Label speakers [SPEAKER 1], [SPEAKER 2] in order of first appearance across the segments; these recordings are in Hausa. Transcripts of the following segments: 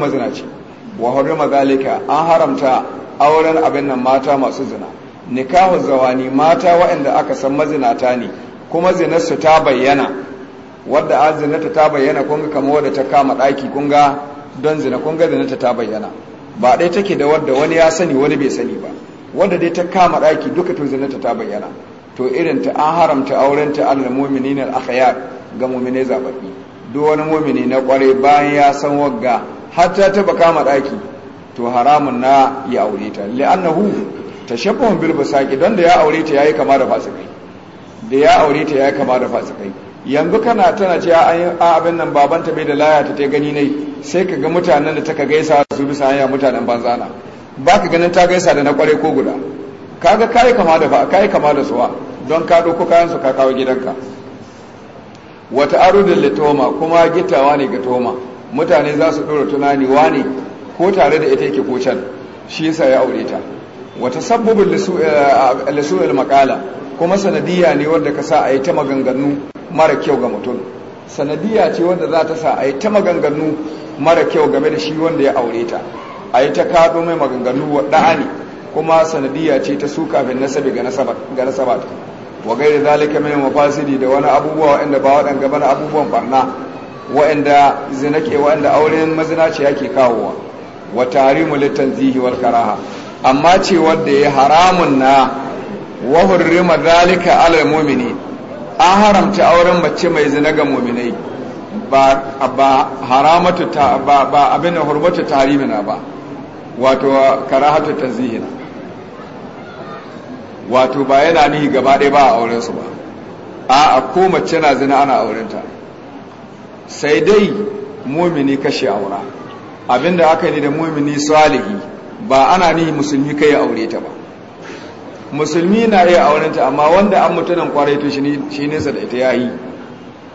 [SPEAKER 1] mazinaci wa hurrima zalika an haramta auren abin nan mata masu zina nikahu zawani mata waɗanda aka san mazinata ne kuma zinarsu ta bayyana wadda a zinarta ta bayyana kunga kamar wadda ta kama ɗaki kunga don zina kunga zinarta ta bayyana ba ɗaya take da wadda wani ya sani wani bai sani ba wadda dai ta kama ɗaki duka to zinarta ta bayyana to irin ta an haramta auren ta alal mu'minin al akhyar ga mu'mine zababbi duk wani mu'mini na kware bayan ya san wagga hatta ta baka ma daki to haramun na ya aure ta li'annahu tashabbahun bil basaqi don da ya aure ta yayi kama da fasikai da ya aure ta yayi kama da fasikai yanzu kana tana ce a abin nan baban ta bai da laya ta tai gani ne sai ka ga mutanen da taka gaisa su bisa hanya mutanen banzana ba ka ganin ta gaisa da na kware ko guda kaga kai kama da fa kai kama da suwa don ka doko kayan su ka kawo gidanka wata arudin litoma kuma gitawa ne ga toma mutane za su ɗora tunani wane ko tare da ita yake ko can shi yasa ya aure ta wata sabbabin eh, lisu'il makala kuma sanadiyya ne wanda ka sa a yi ta maganganu mara kyau ga mutum sanadiyya ce wanda za ta sa a yi ta maganganu mara kyau game da shi wanda ya aure ta a yi ta kaɗo mai maganganu wa ne kuma sanadiyya ce ta su kafin nasabi ga nasabat wa gaira zalika mai mafasidi da wani abubuwa wanda ba waɗanda ba na abubuwan barna wa'anda zinake wa'anda auren mazinaci yake kawowa wa tarimu litanzihi wal karaha amma ce wanda ya haramun na wa hurrima zalika alal mu'mini an haramta auren mace mai zina ga mu'minai ba ba haramatu ta ba ba abin hurmatu tarimina ba wato karahatu tanzihina wato ba yana ni gaba ɗaya ba a auren su ba a a ko mace na zina ana aurenta sai dai mumini kashe aura abinda aka yi da mumini salihi ba ana ni musulmi kai aure ta ba musulmi na iya auren ta amma wanda an mutunan kwarai to shi sa da ita yayi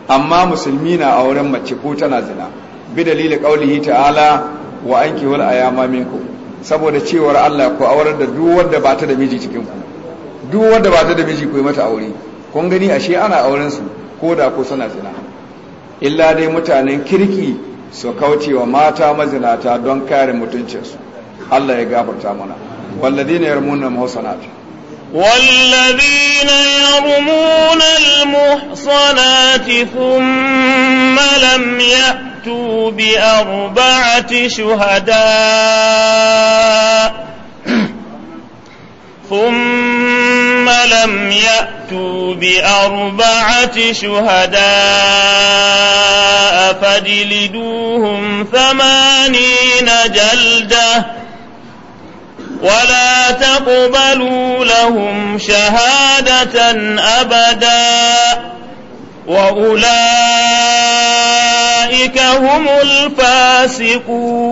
[SPEAKER 1] amma musulmi na auren mace ko tana zina bi dalilin qaulihi ta'ala wa wal ayama minkum saboda cewar Allah ku aurar da duk wanda ba ta da miji cikin ku duk wanda ba ta da miji ku yi mata aure kun gani ashe ana auren su ko da ko suna zina illa dai mutanen kirki su wa mata mazinata don kare mutuncinsu Allah ya gafarta mana walladina yarmuna muhsanat
[SPEAKER 2] walladina yarmuna almuhsanat thumma lam ya'tu bi arba'ati shuhada' ثم لم يأتوا بأربعة شهداء فجلدوهم ثمانين جلدة ولا تقبلوا لهم شهادة أبداً وأولئك هم الفاسقون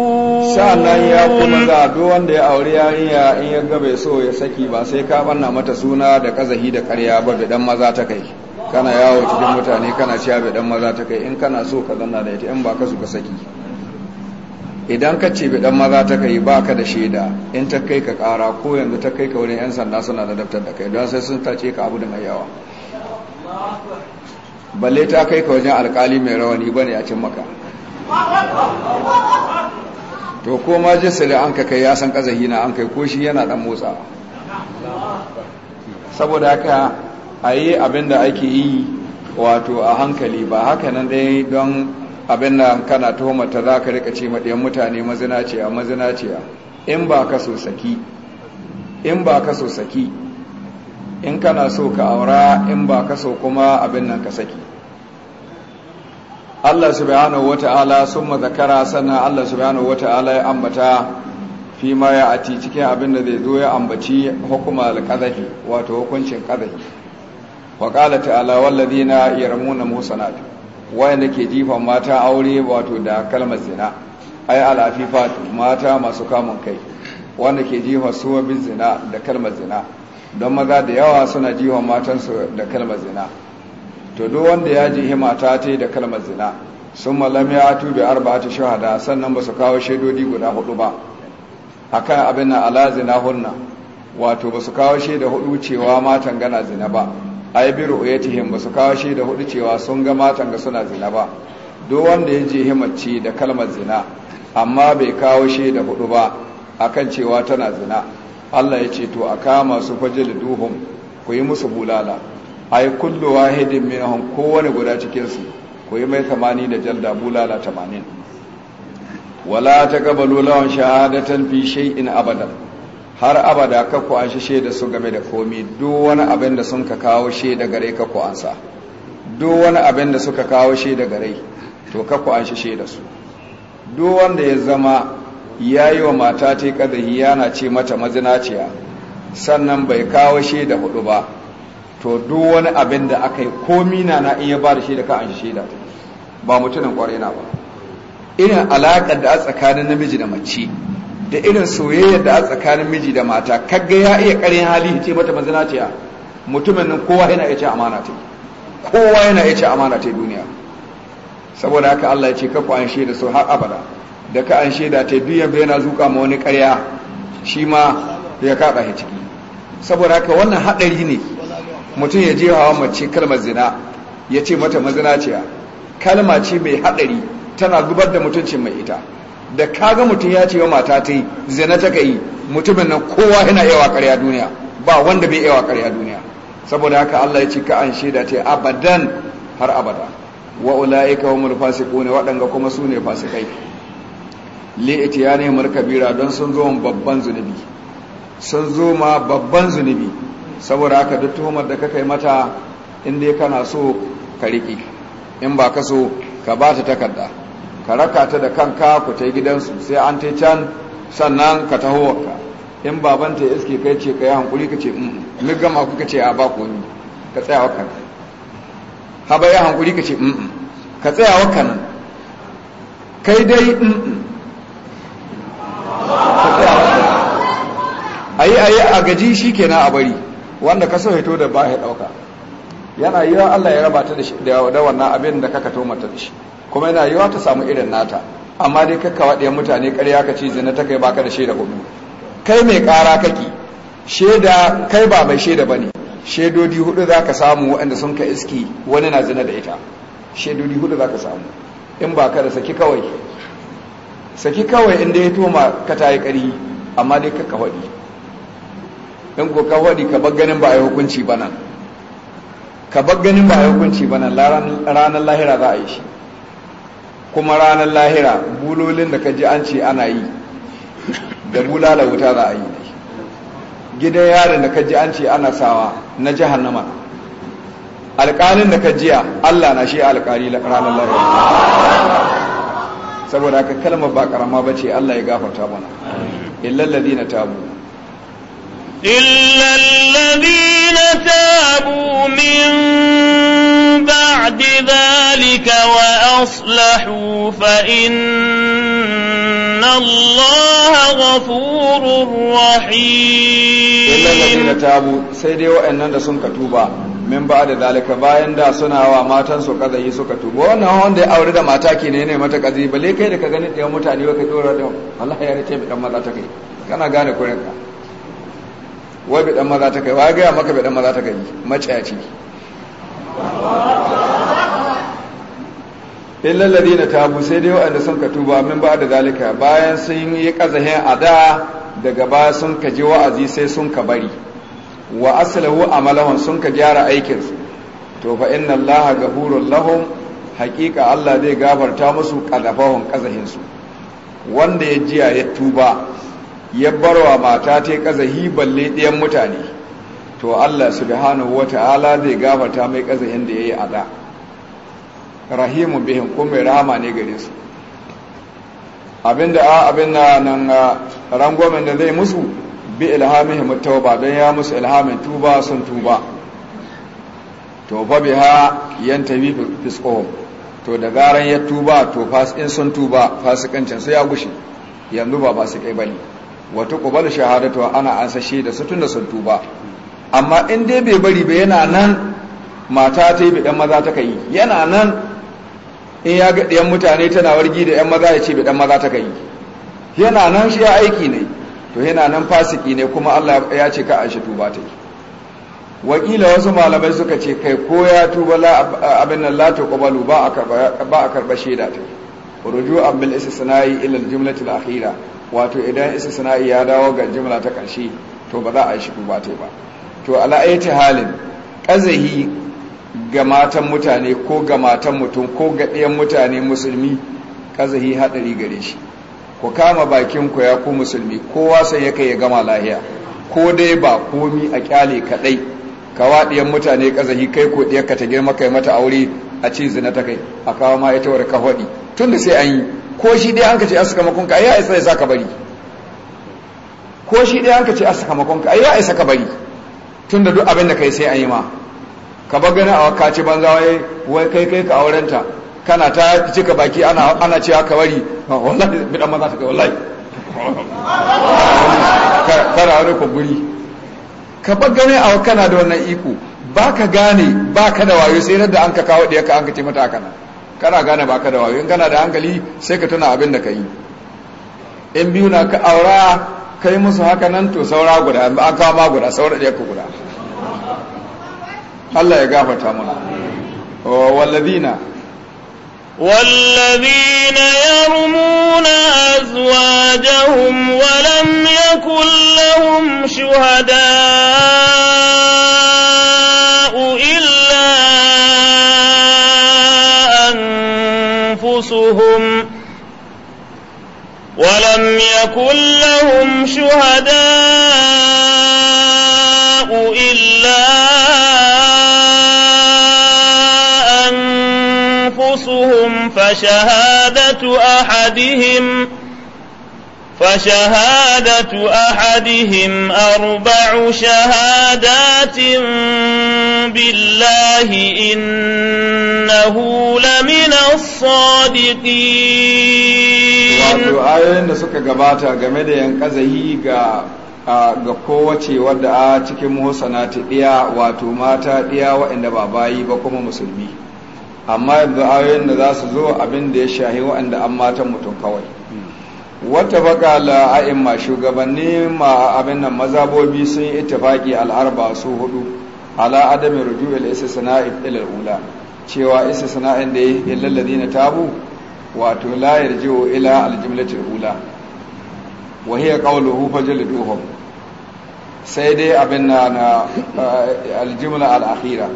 [SPEAKER 1] sa'annan ya kuma za duk wanda ya aure yarinya in ya ga bai so ya saki ba sai ka banna mata suna da kazahi da karya ba da dan maza ta kai kana yawo cikin mutane kana ciya bai dan maza ta kai in kana so ka zanna da ita in ba ka so ka saki idan ka ce bai dan maza ta kai ba ka da shaida in ta kai ka ƙara ko yanzu ta kai ka wurin yan sanda suna da daftar da kai don sai sun tace ka abu da mai yawa balle ta kai ka wajen alkali mai rawani ba ne a cin maka to ko ma jisali an ka kai ya san kazahi na an kai ko shi yana dan motsa saboda haka a yi abin da ake yi wato a hankali ba haka nan dai don abin da kana tuhumata za ka rika ce maɗiyan mutane mazinaciya mazinaciya in ba ka so saki in ba ka so saki in kana so ka aura in ba ka so kuma abin nan ka saki Allah subhanahu wata'ala sun mazakara sannan Allah subhanahu wata'ala ya ambata fi ma ya ati cikin abin da zai zo ya ambaci hukuma alƙazahi wato hukuncin ƙazahi wa ƙala ta'ala wallazina yarmuna musanat wanda ke jifan mata aure wato da kalmar zina ai alafifat mata masu kamun kai wanda ke jifa suwa bin zina da kalmar zina don maza da yawa suna jiwa matansu da kalmar zina to duk wanda ya ji mata ta da kalmar zina sun malam ya tubi arba'atu shahada sannan ba su kawo shaidodi guda hudu ba A kan abin na ala zina hunna wato ba su kawo shaida hudu cewa matan gana zina ba biru ya ru'yatihim ba su kawo shaida hudu cewa sun ga matan ga suna zina ba duk wanda ya ji himaci da kalmar zina amma bai kawo shaida hudu ba akan cewa tana zina Allah ya ce to a kama su fajil duhun ku yi musu bulala a yi kullu wahidin minahun kowane guda cikinsu ku yi mai tamani da jalda bulala tamanin. wala ta gaba lulawan shahadatan fi shay'in abadan har abada ka ku an shaida su game da komi duk wani abin da sun ka kawo shaida gare ka ku sa duk wani abin da suka kawo shaida gare to ka ku an shaida su duk wanda ya zama ya yi wa mata ta ƙadahi yana ce mata mazinaciya sannan bai kawo shaida hudu ba to duk wani abin da aka yi komi na na iya ba da shaida ka an shaida ba mutumin ƙwarai na ba irin alaƙar da a tsakanin namiji da mace da irin soyayyar da a tsakanin miji da mata kaga ya iya ƙarin hali ce mata mazinaciya mutumin nan kowa yana iya ce amana ta kowa yana iya ce amana ta duniya saboda haka Allah ya ce ka ku an shaida su har abada da ka an shaida ta biya yana zuka ma wani karya shi ma ya kaɗa shi ciki saboda haka wannan haɗari ne mutum ya je hawa mace kalmar zina ya ce mata mazina ce kalma ce mai haɗari tana zubar da mutuncin mai ita da kaga mutum ya ce wa mata ta yi zina ta ka yi mutumin nan kowa yana yawa karya duniya ba wanda bai yawa karya duniya saboda haka Allah ya ce ka an shaida ta abadan har abada wa ulaika humul waɗanga kuma su ne fasikai ya itiyani kabira don sun zo babban zunubi sun zo ma babban zunubi saboda haka duk tuhumar da kakai mata in dai kana so ka riƙe in ba ka so ka ba ta takarda ka raka ta da kanka ku ta gidansu sai an ta can sannan ka taho wakka in babanta ta iske kai ce ka yi hankuli ka ce mun mm, mm, gama kuka ce a ba ku wani ka tsaya wakan haba ya hankuli ka ce mm, ka tsaya wakan kai dai ayi ayi a gaji shikenan a bari wanda ka so hito da ba ya dauka yana yiwa Allah ya raba ta da wannan abin da kaka to mata da shi kuma yana yiwa ta samu irin nata amma dai kakka waɗe mutane ƙarya ka ci zina ta kai baka da shaida hudu kai mai ƙara kake shaida kai ba mai shaida bane shaidodi hudu za ka samu waɗanda sun ka iski wani na zina da ita shaidodi hudu za ka samu in ba ka da saki kawai saki kawai inda ya toma ka ta yi ƙari amma dai kakka waɗi in ko ka wadi ka bar ganin ba a yi hukunci ba nan ka bar ganin ba a yi hukunci ba nan ranar lahira za a yi shi kuma ranar lahira bulolin da ka ji an ce ana yi da bulala wuta za a yi gidan yarin da ka ji an ce ana sawa na jahannama alƙalin da ka jiya allah na shi alƙali ranar lahira saboda ka kalmar ba karama ba ce Allah ya gafarta mana illal ladina tabu
[SPEAKER 2] إلا الذين تابوا من بعد ذلك وأصلحوا فإن الله غفور رحيم
[SPEAKER 1] إلا الذين تابوا سيدي وأننا سنك توبا min ba da dalika bayan da suna wa matan su kazayi suka tubo wannan wanda ya aure da mata ke ne ne mata kazayi balle kai da ka gani da mutane ba ka dora da ya rike bi dan maza ta kai kana gane kurinka wai bai dan maza ta kai wai gaya maka bai dan maza ta kai maciyaci illal na tabu sai dai waɗanda sun ka tuba min ba da zalika bayan sun yi kazahin da daga ba sun ka je wa'azi sai sun ka bari wa aslahu amalahum sun ka gyara aikin su to fa inna allaha ghafurur lahum haqiqa Allah zai gafarta musu qadafahum kazahin wanda ya jiya ya tuba ya barwa mata ta kazahi balle ɗayan mutane to Allah subhanahu wata'ala zai gafarta mai kazahin da yi ada rahimu bihin kuma rama ne gare su abinda a abinda nan rangwamen da zai musu bi himittau ba don ya musu ilhamin tuba sun tuba to fa 'yan yantabi fisko to da garan ya tuba to in sun tuba fasikancin su ya gushe yanzu ba ba su kai bane wata kubar shahadatu ana ansa shaida su da sun tuba amma in dai bai bari ba yana nan mata ta yi bidan maza ta kai yana nan in ya ga ɗayan mutane tana wargi da 'yan maza ya ce bidan maza ta kai yana nan shi ya aiki ne to yana nan fasiki ne kuma Allah ya ce ka shi tuba ta yi wakila wasu malamai suka ce kai ko ya tuba abin nan la tuqbalu ba a karba shaida ta ruju'an bil istisna'i ila al-jumlati al-akhirah wato idan isa sana'i ya dawo ga jimla ta ƙarshe to ba za a yi shi ba ta ba to ala ta halin ƙazahi ga matan mutane ko ga matan mutum ko ga ɗayan mutane musulmi ƙazahi haɗari gare shi ku kama bakin ku ya ku musulmi kowa sai ya kai ya gama lahiya ko dai ba komi a kyale kaɗai kawa ɗiyan mutane ƙazahi kai ko ka ta girma kai mata aure a ce zina ta kai a kawo ma ita wani kahwadi tun da sai an yi ko shi dai an ka ce a sakamakon ka ya isa ya sa ka bari ko shi dai an ka ce a sakamakon ka ya isa ka bari tun da duk abin da kai sai an yi ma ka bar gani a waka ce banza wai wai kai kai ka aurenta kana ta cika baki ana ana ce ka bari ah, wallahi bidan maza ta kai wallahi kana wani kuburi ka bar gani a kana da wannan iko ba ka gane ba ka da wayo sai da an ka kawo ɗiyarka an ka ce mata kana kana gane ba ka da wayo in kana da hankali sai ka tuna abin da ka yi in biyu na ka aura kai musu haka nan to saura guda an kawo ma guda saura ɗiyarka guda Allah ya gafarta mana wallazina
[SPEAKER 2] والذين يرمون أزواجهم ولم يكن لهم شهداء ولم يكن لهم شهداء إلا أنفسهم فشهادة أحدهم فشهادة أحدهم أربع شهادات بالله إنه لمن الصادقين
[SPEAKER 1] wato ayoyin da suka gabata game da yan ga ga kowace wadda a cikin muhsana ta ɗiya wato mata ɗiya waɗanda ba bayi ba kuma musulmi amma yanzu ayoyin da za su zo abinda ya shahi waɗanda an matan mutum kawai wata baka ma shugabanni ma abin nan mazabobi sun yi ittifaki al'arba su hudu ala adamin rujuwar istisna'in ila ula cewa istisna'in da ya illal ladina tabu wato la jiwo ila aljimlatin ula wa hiya qawluhu duhun sai dai abin na na eh, aljimla al'akhira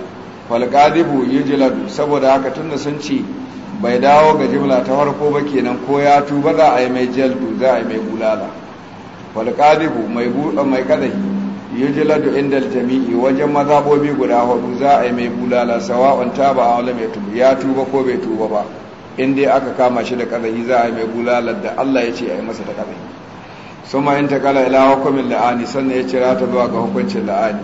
[SPEAKER 1] wal qadibu yujladu saboda haka tun sun ci bai dawo ga jimla ta farko ba kenan ko ya tuba za a yi mai jaldu za a yi mai bulala wal qadibu mai buɗa mai kadahi yujladu inda jami'i wajen mazabobi guda hudu za a yi mai bulala sawa'un taba aw lam yatub ya tuba ko bai tuba ba in dai aka kama shi da kadahi za a yi mai gulala da Allah ya ce a yi masa da kadahi suma in ta kala ila hukumin la'ani sannan ya cira ta zuwa ga hukuncin la'ani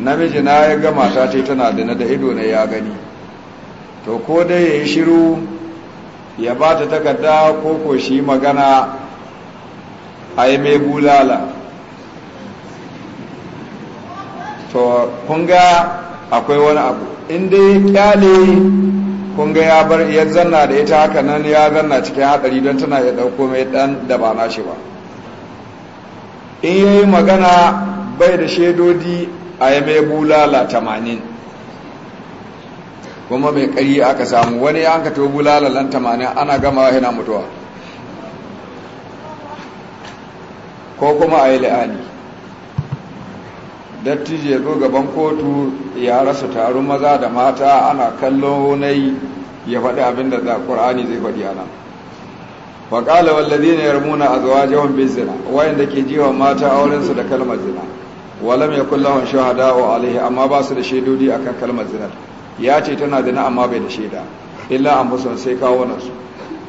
[SPEAKER 1] namiji na ya ga mata ce tana da na da ido na ya gani to ko dai ya yi shiru ya ba ta takarda ko ko shi magana a yi mai bulala to kunga akwai wani abu inda ya kyale kunga ya bar iya zanna da ita haka nan ya zanna cikin hadari don tana ya dauko mai dan da ba shi ba in yi magana bai da shaidodi a yi mai bulala tamanin kuma mai ƙari aka samu wani ya hanka to bulala tamanin ana gama yana mutuwa ko kuma a yi la'ani dattijo ya zo gaban kotu ya rasa taron maza da mata ana kallon yi ya faɗi abin da ƙur'ani zai faɗi ana faƙala wallazi ne rumuna a zuwa jihon bizina wayanda ke jiwa mata aurensu da kalmar zina walam ya kullahun shahada wa alaihi amma ba su da shaidodi akan kalmar zinar ya ce tana da amma bai da shaida illa an musu sai kawo nasu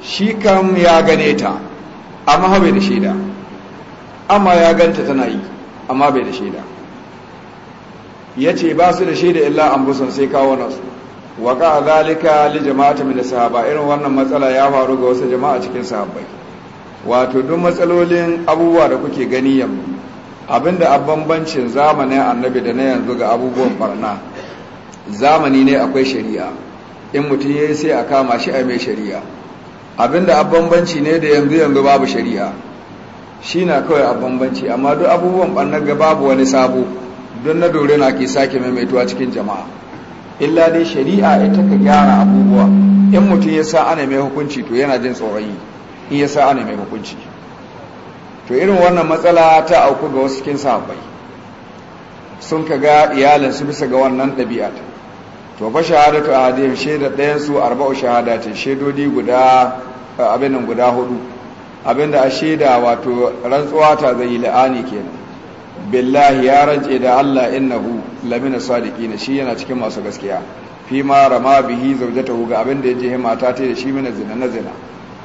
[SPEAKER 1] shi kam ya gane ta amma bai da shaida amma ya ganta tana yi amma bai da shaida ya ce ba su da shaida illa an busan sai kawo nasu wa ka zalika li jama'ati min sahaba irin wannan matsala ya faru ga wasu jama'a cikin sahabbai wato duk matsalolin abubuwa da kuke gani yamma? abinda a bambancin zamanin annabi da na yanzu ga abubuwan barna zamani ne akwai shari'a in mutum ya yi sai a kama shi a mai shari'a abinda abbanbanci ne da yanzu yanzu babu shari'a shi na kawai abbanbanci amma duk abubuwan ɓannar ga babu wani sabo don na dore na ke sake maimaituwa cikin jama'a illa dai shari'a ita ka gyara abubuwa in mutum ya sa ana mai hukunci to yana jin tsoron yi in ya sa ana mai hukunci to irin wannan matsala ta auku ga wasu cikin sahabbai sun ka ga iyalinsu bisa ga wannan ɗabi'a to fa shahadatu ahadihim shaida ɗayan su arba'u shahada ce shaidodi guda eh, abinan guda hudu abinda a shaida wato rantsuwa ta zai yi la'ani kenan billahi ya rance da Allah inna innahu lamina na shi yana cikin masu gaskiya fi ma rama bihi hu ga abinda ya je mata ta da shi mina zina na zina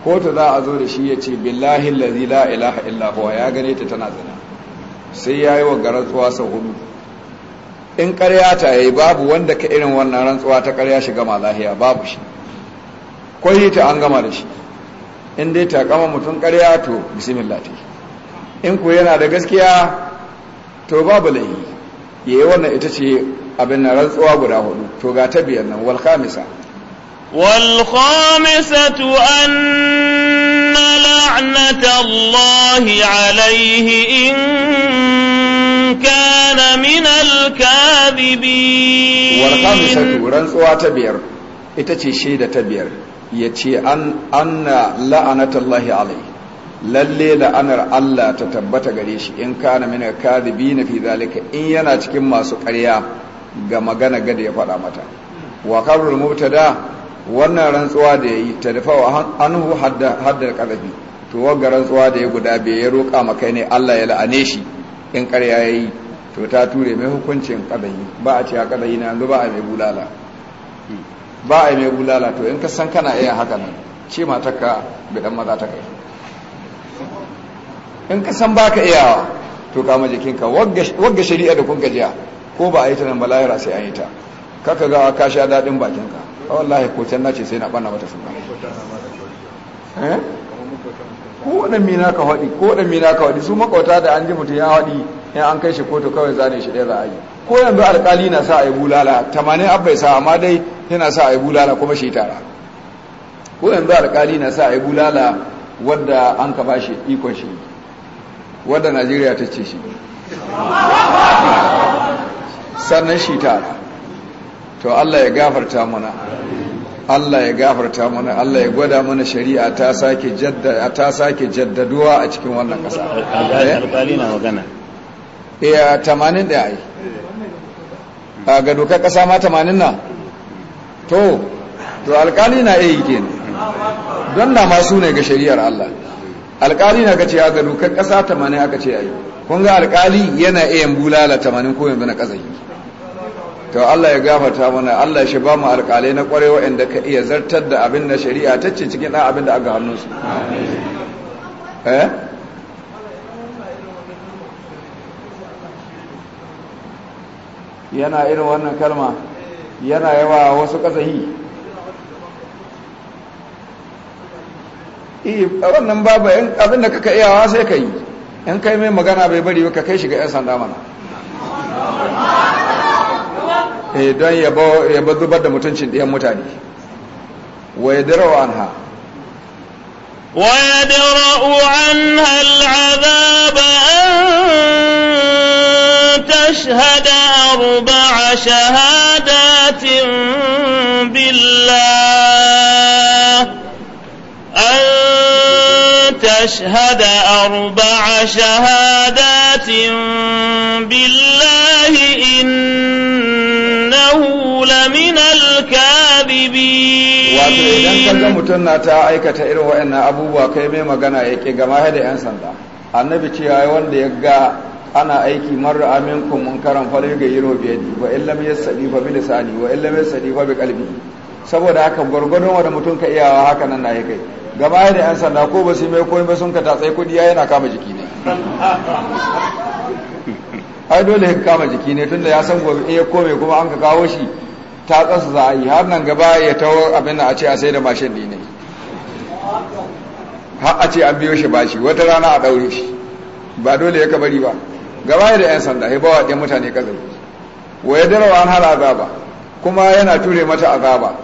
[SPEAKER 1] ko ta za a zo da shi ya ce billahi lazi la ilaha ya gane ta tana zina sai ya yi wa garantsuwa sau hudu in ƙarya ta yi babu wanda ka irin wannan rantsuwa ta ƙarya shi gama lahiya babu shi kwayi ta an gama da shi in dai ta kama mutum ƙarya to bismillah ta in ku yana da gaskiya to babu laihi ya yi wannan ita ce abin na rantsuwa guda hudu to ga ta biyar nan wal khamisa
[SPEAKER 2] wal an na la'anata allahi alaihi in كان من الكاذبين
[SPEAKER 1] ta رنسوا ita ce shaida ta biyar ya ce an anna la'anatallahi alai lalle la'anar Allah ta tabbata gare shi in kana mina na fi zalika in yana cikin masu ƙarya ga magana gada ya faɗa mata wa karul mubtada wannan rantsuwa da yayi wa anhu hadda hadda kadabi to wa rantsuwa da ya guda bai ya roƙa maka ne Allah ya la'ane shi in ƙarya ya yi to ta ture mai hukuncin ƙadayi ba a ce a ƙadayi na yanzu ba a mai bulala ba a mai bulala to in ka san kana iya haka nan ce mata ka bidan maza ta kai in ka san ba ka iyawa to kama jikinka wagga shari'a da kun gajiya ko ba a yi ta nan ba sai an yi ta kaka gawa ka sha daɗin bakinka wallahi ko can na ce sai na ɓanna mata suna eh? ko wadan mina ka hadi ko wadan mina ka hadi su makauta da an ji mutum ya hadi in an kai shi kotu kawai zane shi ɗaya za a yi ko yanzu alƙali na sa a yi bulala tamanin abbai sa amma dai yana sa a yi bulala kuma shi tara ko yanzu alƙali na sa a yi bulala wadda an ka bashi ikon shi wadda najeriya ta ce shi sannan shi tara to allah ya gafarta mana Allah ya gafarta mana Allah ya gwada mana shari'a ta sake jaddada ta sake jaddaduwa a cikin wannan ƙasa eh? alƙali na magana eh 80 da ai a ga dokar ƙasa ma 80 na to to alƙali na eh kenan don na masu ne ga shari'ar Allah alƙali na kace ga dokar ƙasa 80 aka ce ai kun ga alƙali yana iya bulala 80 ko yanzu na ƙazai to Allah ya gafarta mana Allah shi ba mu alƙalai na ƙware waɗanda ka iya zartar da abin da shari'a ta ce cikin ɗan abin da aka hannun su eh? yana irin wannan kalma yana yawa wasu ƙasahi wannan babu abin da kaka iyawa sai ka yi in kai mai magana bai bari ka kai shiga 'yan sanda mana Eh, don ya ba zubar da mutuncin ɗiyan mutane wa ya dirawa an ha wa ya dira'u an
[SPEAKER 2] hal'azaba an tashhada arba'a shahadatin billah an تشهد أربع شهادات بالله إن إنه لمن الكاذبين
[SPEAKER 1] wato idan kaga mutum na ta aikata irin wa'annan abubuwa kai mai magana yake gama da yan sanda annabi ce yayi wanda ya ga ana aiki marra aminkum munkaran falir ga yiro biyadi wa illam yasadi fa bi lisani wa illam yasadi fa bi qalbi saboda haka gwargwadon wanda mutum ka iyawa haka nan na kai gama da yan sanda ko ba su mai komai ba sun ka tatsai kudi yana kama jiki ne ai dole ya kama jiki ne tunda ya san gobe in ya kome kuma an ka kawo shi ta tsasa za a yi har nan gaba ya tawo abin a ce a sai da mashin ne har a ce an biyo shi bashi wata rana a daure shi ba dole ya kabari ba gaba da yan sanda ya bawa ɗan mutane kazan wa ya darawa an hana azaba kuma yana ture mata azaba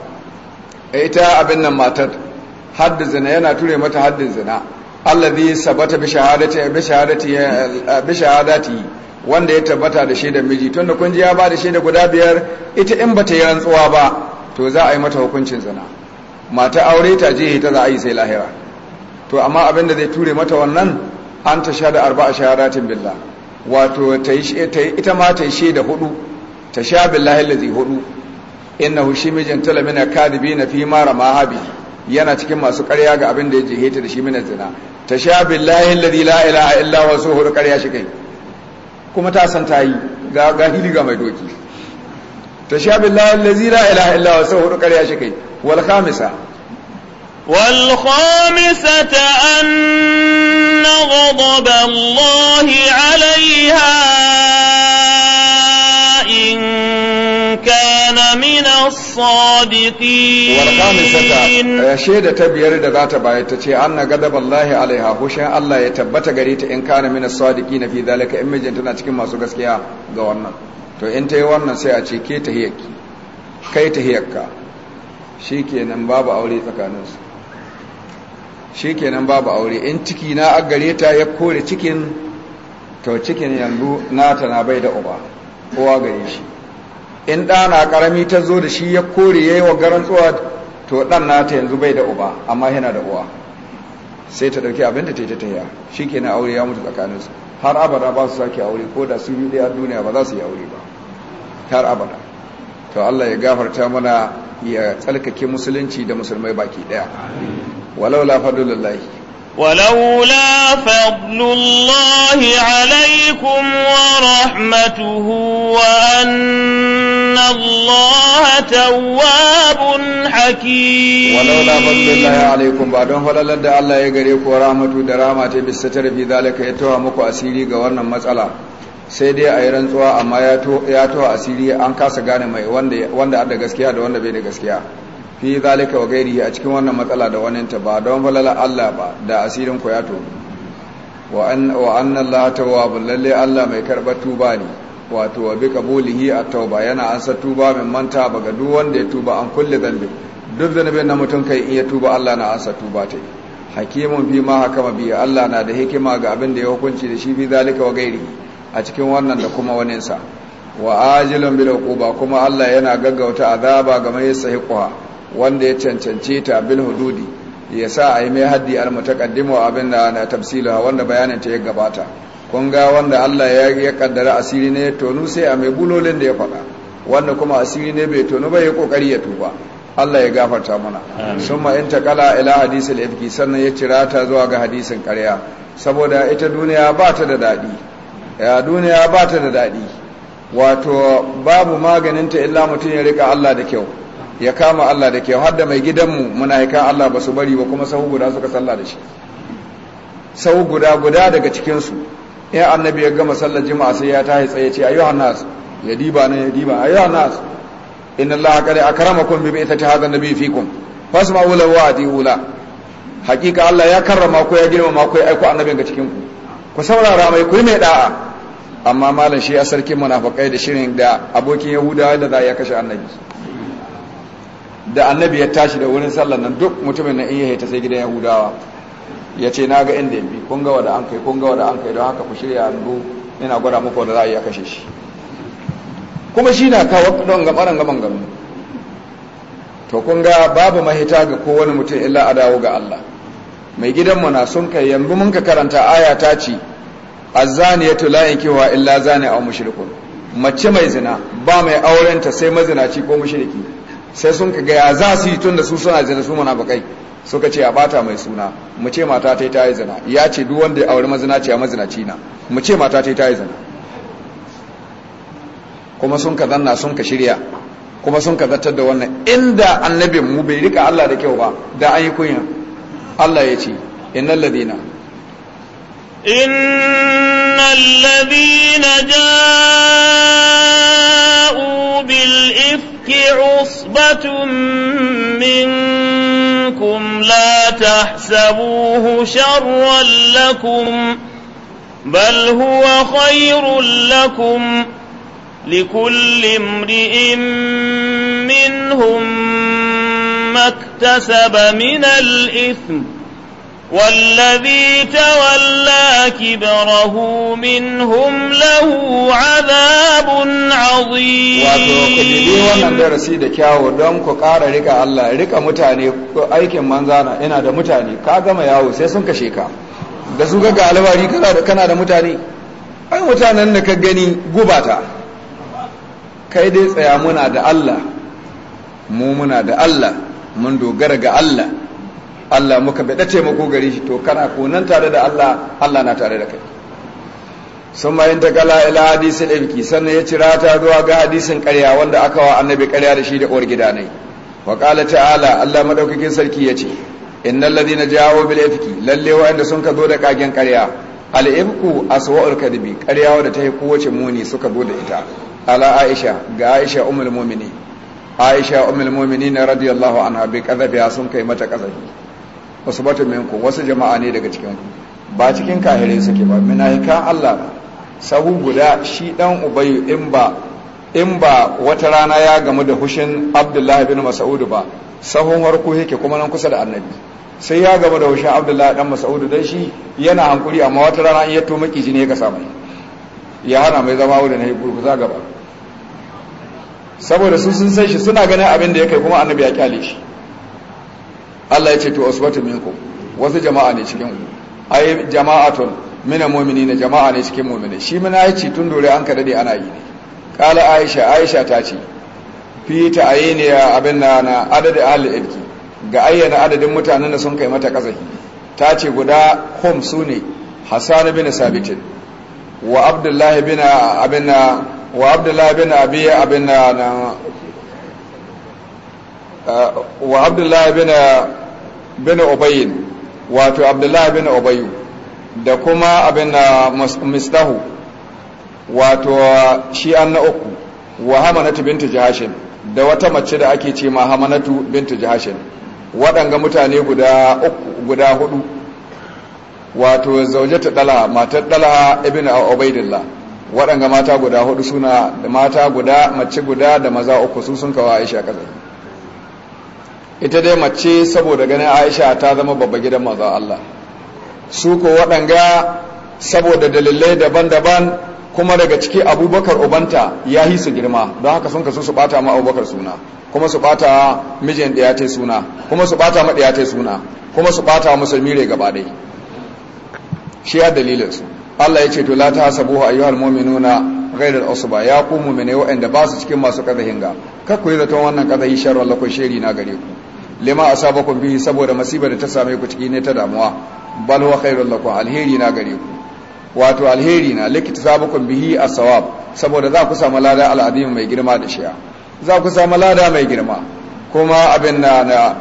[SPEAKER 1] e ita abin nan matar haddin zina yana ture mata haddin zina allazi sabata bi shahadati bi shahadati bi shahadati wanda ya tabbata da shaidar miji tunda kun ji ya ba da shaida guda biyar ita in ba ta yi rantsuwa ba to za a yi mata hukuncin zina mata aure ta je ta za a yi sai lahira to amma abinda zai ture mata wannan an ta sha da arba'a shaharatin billa. wato ita ma ta yi shaida hudu ta sha billahi allazi hudu innahu hushi mijin talamina na fi ma ramahabi yana cikin masu karya ga abin da ya ta da shi mina zina ta sha billahi allazi laila a illa su hudu karya shi kai kuma ta san ta yi ga hili ga mai doki ta sha billahi allazi la ilaha illa huwa sai hudu ƙarya shi kai wal khamisa
[SPEAKER 2] wal khamisata an ghadab Allah alaiha in كان من الصادقين
[SPEAKER 1] والخامسة شهد تبير ذات بايتتي أن غضب الله عليها بوشا الله يتبت غريت إن كان من الصادقين في ذلك إما جنتنا cikin masu gaskiya ga wannan to in ta yi wannan sai a ce ke ta hiyarki kai ta hiyarka shi kenan babu aure tsakaninsu shi kenan babu aure in ciki na aggare ta ya kore cikin to cikin yanzu nata na bai da uba kowa gare shi in ɗa na ƙarami ta zo da shi ya kore ya yi wa garin tsuwa to ɗan nata yanzu bai da uba amma yana da uwa sai ta ɗauki abin da ta yi ta tahiya shi ke na aure ya mutu tsakaninsu har abada ba su sake aure ko da sun yi ɗaya duniya ba za su yi aure ba har abada to Allah ya gafarta mana ya tsalkake musulunci da musulmai baki ɗaya walau la fadulillahi ولولا
[SPEAKER 2] فضل الله عليكم ورحمته وأن الله تواب حكيم
[SPEAKER 1] ولولا فضل الله عليكم بعدون فلالد الله يقريك ورحمته درامة بالستر في ذلك يتوى مكو أسيري غورنا مسألة sai dai a yi rantsuwa amma ya towa asiri an kasa gane mai wanda da gaskiya da wanda bai da gaskiya fi zalika wa gairihi a cikin wannan matsala da wani ta ba don falala Allah ba da asirin ku ya to wa an wa anna lalle Allah mai karbar tuba ne wato wa bi kabulihi at-tauba yana ansa tuba min manta ba ga duk wanda ya tuba an kulli dhanbi duk zanabin na mutum kai in ya tuba Allah na ansa tuba ta hakimun fi ma hakama bi Allah na da hikima ga abin da ya hukunci da shi fi zalika wa gairihi a cikin wannan da kuma waninsa wa ajilun bil uquba kuma Allah yana gaggauta azaba ga mai sahiqwa wanda ya cancanci ta bil hududi ya sa a yi mai haddi al mutaqaddimu abin da na tafsila wanda bayanin ta ya gabata kun ga wanda Allah ya ya kaddara asiri ne tonu sai a mai bulolin da ya faɗa wanda kuma asiri ne bai tonu ba ya kokari ya tuba Allah ya gafarta mana summa in taqala ila al ifki sannan ya cira ta zuwa ga hadisin ƙarya saboda ita duniya ba ta da daɗi ya duniya ba ta da daɗi wato babu maganinta illa mutum ya rika Allah da kyau ya kama Allah da kyau hadda mai gidanmu muna haikan Allah ba su bari ba kuma sahu guda suka salla da shi sahu guda guda daga cikinsu ya annabi ya gama sallar jima'a sai ya yi tsaye ce ayyuhan nas ya diba ne ya diba ayyuhan nas inna Allah qad akramakum bi ta hadha nabi fikum fasma'u lahu wa ati'u la hakika Allah ya karrama ku ya girmama ku ya aiko annabin ga cikin ku ku saurara mai ku mai da'a amma malam shi ya sarkin munafikai da shirin da abokin yahudawa da za ya kashe annabi da annabi ya tashi da wurin sallan nan duk mutumin na iya haita sai gidan yahudawa ya ce na ga inda bi kun ga wada an kai kun ga wada an kai don haka ku shirya yanzu ina gwada muku wanda za a iya kashe shi kuma shi na kawo don gabaran gaban gano to kun ga babu mahita ga kowane mutum illa a dawo ga Allah mai gidanmu na sun kai yanzu mun ka karanta aya ta ce azzaniyatu la yankiwa illa zani aw mushrikun mace mai zina ba mai aurenta sai mazinaci ko mushriki sai sun ka gaya za su yi tun da su suna zina su mana bakai suka ce a bata mai suna mu ce mata ta yi ta yi zina ya ce duk wanda ya auri mazina ce a mazina na mu ce mata ta yi ta yi zina kuma sun ka zanna sun ka shirya kuma sun ka zartar da wannan inda annabin mu bai rika Allah da kyau ba da an yi kunya Allah ya ce innal ladina
[SPEAKER 2] innal ladina jaa جاءوا بالإفك عصبة منكم لا تحسبوه شرا لكم بل هو خير لكم لكل امرئ منهم ما اكتسب من الإثم والذي تولى كبره منهم له عذاب عظيم
[SPEAKER 1] wato ku dibi wannan darasi da kyawu don ku ƙara rika Allah rika mutane aikin manzana ina da mutane ka gama yawo sai sun kashe ka da su ga alabari kana da mutane ai mutanen da ka gani gubata kai dai tsaya muna da Allah mu muna da Allah mun dogara ga Allah Allah muka bada taimako gari shi to kana konan tare da Allah Allah na tare da kai sun mayin ta kala ila hadisin ibki sannan ya cira ta zuwa ga hadisin karya wanda aka wa annabi karya da shi da uwar gida ne wa ta'ala Allah maɗaukakin sarki ya ce innal na jawo bil ifki lalle wa'anda sun ka zo da kagen karya al ibku aswa'ul kadibi karya da ta yi kowace muni suka zo da ita ala aisha ga aisha ummul mu'minin aisha ummul mu'minin radiyallahu anha bi kadhabiha sun kai mata kazafi wasu batun minku wasu jama'a ne daga cikin ba cikin kahirai suke ba minahikan Allah sabu sahu guda shi dan ubayu in ba in ba wata rana ya gamu da hushin abdullahi bin mas'ud ba sahun harko yake kuma nan kusa da annabi sai ya gamu da hushin abdullahi dan mas'ud dan shi yana hankuri amma wata rana in ya to makiji ne ya kasa mai ya hana mai zama wurin hayi za gaba saboda su sun san shi suna ganin abin da ya kai kuma annabi ya kyale shi Allah ya ce to asbatu minkum wasu jama'a ne cikin ku ai jama'atun mina mu'minina jama'a ne cikin mu'mini shi muna yace tun dore an ka dade ana yi ne aisha aisha ta ce fi ta ayini abin na na adadin ahli irki ga ayyana adadin mutanen da sun kai mata kazahi ta ce guda hum sune hasan bin sabit wa abdullahi bin abin wa abdullahi bin abi abin na Uh, wa abdullahi bin bin wato abdullahi bin obayu da kuma abin da uh, mistahu wato uh, shi an na uku wa hamanatu bintu jahashin da wata mace da ake ce ma hamanatu bintu jahashin waɗanga mutane guda uku guda hudu wato zaujata dala matar dala ibn ubaidillah waɗanga mata guda hudu suna da mata guda mace guda da maza uku su sun kawo aisha kazali ita dai mace saboda ganin aisha ta zama babba gidan manzon Allah su ko waɗanga saboda dalilai daban-daban kuma daga ciki abubakar ubanta ya yi su girma don haka sun kasu su bata ma abubakar suna kuma su bata mijin ɗaya ta suna kuma su bata ma ɗaya ta suna kuma su bata musulmi ne gaba ɗai shi ya dalilin su Allah ya ce to la tahsabu ayyuhal mu'minuna ghayral usba ya ku mene wa'anda ba su cikin masu kazahin hinga kar ku yi zaton wannan yi sharran lakum shiri na gare ku lima a sabakon bihi saboda masibar da ta same ku ciki ne ta damuwa bal huwa khairul lakum alheri na gare ku wato alheri na likita sabakon bihi a sawab saboda za ku samu lada al'adun mai girma da shiya za ku samu lada mai girma kuma abin na na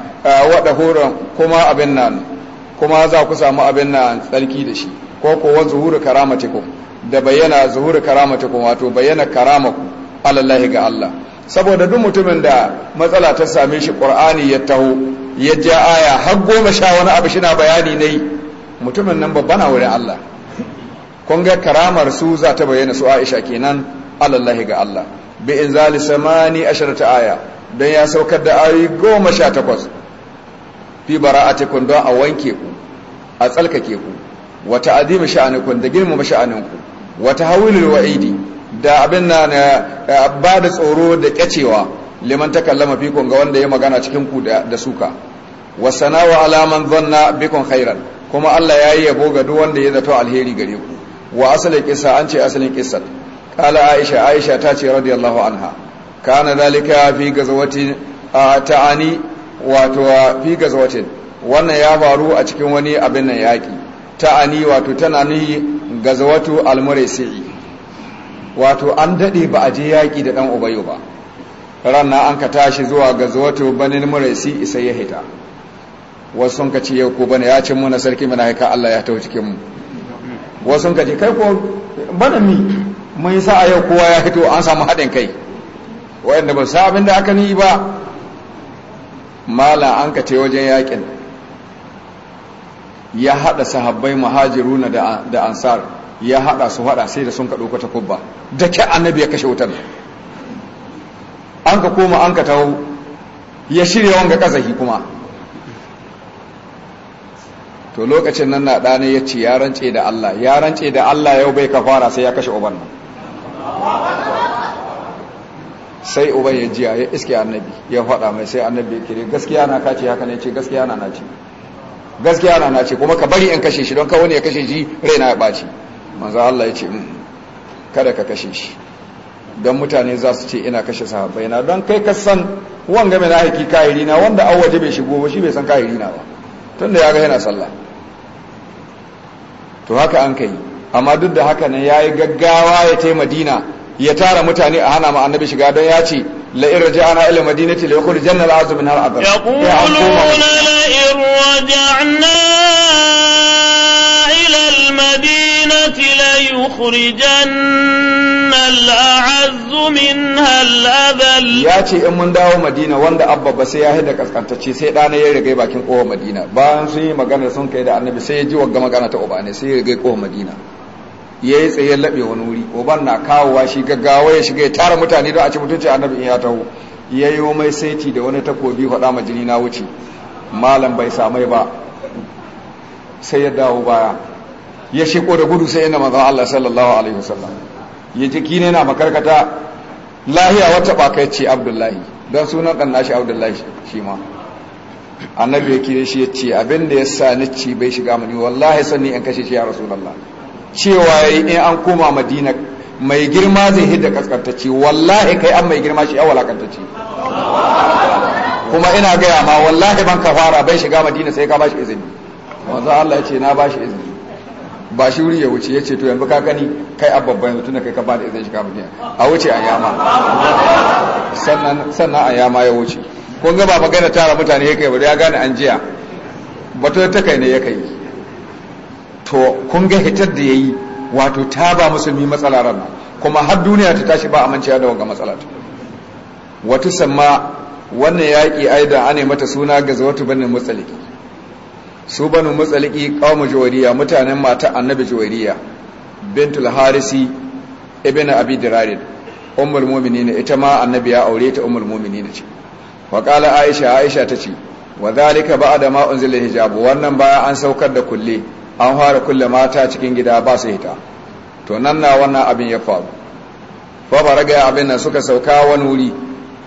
[SPEAKER 1] wada horon kuma abin na kuma za ku samu abin na tsarki da shi ko kowa zuhuru karamatikum da bayyana zuhuru karamatikum wato bayyana karamaku alallahi ga Allah saboda duk mutumin da matsala ta same shi qur'ani ya taho ya ja aya har goma sha wani abu shi na bayani ne mutumin nan babban a wurin Allah kun ga karamar su za ta bayyana su Aisha kenan alallahi ga Allah bi inzali samani asharata aya dan ya saukar da ayoyi goma sha takwas fi cikin don a wanke ku a tsalkake ku wata ta'zimi sha'anikun da girmama sha'aninku wata tahawilul wa'idi da abin na eh, eh, ba da tsoro da kyacewa liman ta kallama fikon ga wanda ya magana cikin ku da suka wasana wa alaman zanna bikon khairan kuma Allah ya yi yabo ga duk wanda ya zato alheri gare ku wa asalin kisa an ce asalin kisa kala aisha aisha ta ce radiyallahu anha kana dalika fi a ta'ani wato fi gazawatin wannan ya faru a cikin wani abin nan yaki ta'ani wato tana nihi gazawatu al-muraysi'i wato an daɗe ba a je yaƙi da ɗan ubayo ba ranar an ka tashi zuwa ga zuwato banin muraisi isa ya hita wasu sun ka ce yau ko bane ya cin muna sarki mana haika Allah ya tawo cikin mu wasu sun ka ce kai ko bana mi mai sa a yau kowa ya fito an samu haɗin kai wayanda ba sa abin da aka ni ba mala an ka ce wajen yaƙin ya haɗa sahabbai muhajiruna da ansar ya hada su hada sai da sun ka ɗauko takubba da ke annabi ya kashe wutar an ka koma an ka taho ya shirya wanga kazahi kuma to lokacin nan na ɗane ya ce ya rance da Allah ya rance da Allah yau bai ka fara sai ya kashe uban sai uban ya jiya ya iske annabi ya faɗa mai sai annabi ya kire gaskiya na kace haka ne ce gaskiya na na ce gaskiya na na ce kuma ka bari in kashe shi don kawo ne ya kashe shi raina ya ɓaci manzo Allah ya ce mm, kada ka kashe shi don mutane za su ce ina kashe sahabbai na don kai kasan game na haiki kahiri na wanda an waje bai shigo ba shi bai san kahiri na ba tun ya ga yana sallah to haka an kai amma duk da haka ne ya yi gaggawa ya tai madina ya tara mutane a hana ma annabi shiga don ya ce لئن رجعنا إلى مدينة ليخرج جنة العز منها العذاب يقولون
[SPEAKER 2] لئن ila المدينة ليخرجن الأعز منها الأذل
[SPEAKER 1] ce in mun dawo Madina wanda abba ba sai ya haida kaskantacce sai ɗana ya rigai bakin kowa Madina bayan sun yi magana sun kai da annabi sai ya ji wagga magana ta uba ne sai ya rigai kowa Madina ya yi tsaye laɓe wani wuri uban na kawowa shi gaggawa ya shiga ya tara mutane don a ci mutunci annabi in ya taho ya yi mai saiti da wani takobi faɗa ma jini na wuce malam bai samai ba sai ya dawo baya ya sheko da gudu sai inda manzon Allah sallallahu alaihi wasallam ya ji kine na makarkata lahiya wata kai ce Abdullahi dan sunan kanna shi Abdullahi shi ma annabi ya kire shi ya ce abin da ya sa ni ci bai shiga mani wallahi sanni in kashe shi ya rasulullah cewa yi in an koma Madina mai girma zai hidda kaskantacci wallahi kai an mai girma shi ya walakantacci kuma ina gaya ma wallahi ban ka fara bai shiga madina sai ka bashi izini wanzu Allah ya ce na bashi izini ba shi wuri ya wuce ya ce to yanzu ka gani kai babban yanzu tunda kai ka bada izin shiga duniya a wuce a yama sannan a yama ya wuce kun ba magana tara mutane ya kai ba ya gane an jiya to ta kai ne ya kai to kun ga hitar da yayi wato ta ba musulmi matsala ran kuma har duniya ta tashi ba amincewa da wanga matsala ta wata samma wannan yaƙi aida ana mata suna ga zawatu bani mutsaliki su banu matsaliki kawo jawariya mutanen mata annabi jawariya bintul harisi ibn abi Umar ummul ne ita ma annabi ya aure ta ummul mu'minina ce wa qala aisha aisha ce wa zalika ba'da ma unzila hijab wannan baya an saukar da kulle an fara kulle mata cikin gida ba su hita to nan na wannan abin ya faru fa baraga abin nan suka sauka wani wuri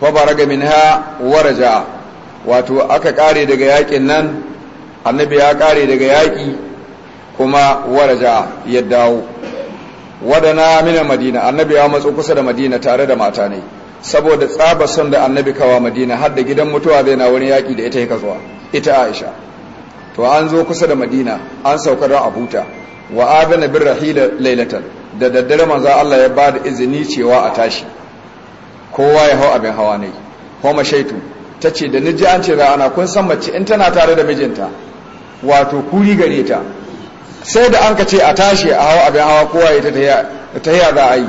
[SPEAKER 1] fa baraga minha waraja wato aka kare daga yakin nan annabi ya kare daga yaki kuma waraja ya dawo wadana mina madina annabi ya matso kusa da madina tare da mata ne saboda tsaba son da annabi kawa madina har da gidan mutuwa zai na wani yaki da ita ya zuwa ita aisha to an zo kusa da madina an sauka don a abuta wa abin bin rahila lailatan da daddare manzo Allah ya ba da izini cewa a tashi kowa ya hau abin hawa ne homa shaitu ce da niji an ce ra'ana kun san mace in tana tare da mijinta wato kuri gare ta sai da an ce a tashi a hawa abin hawa kowa ya ta yi za a yi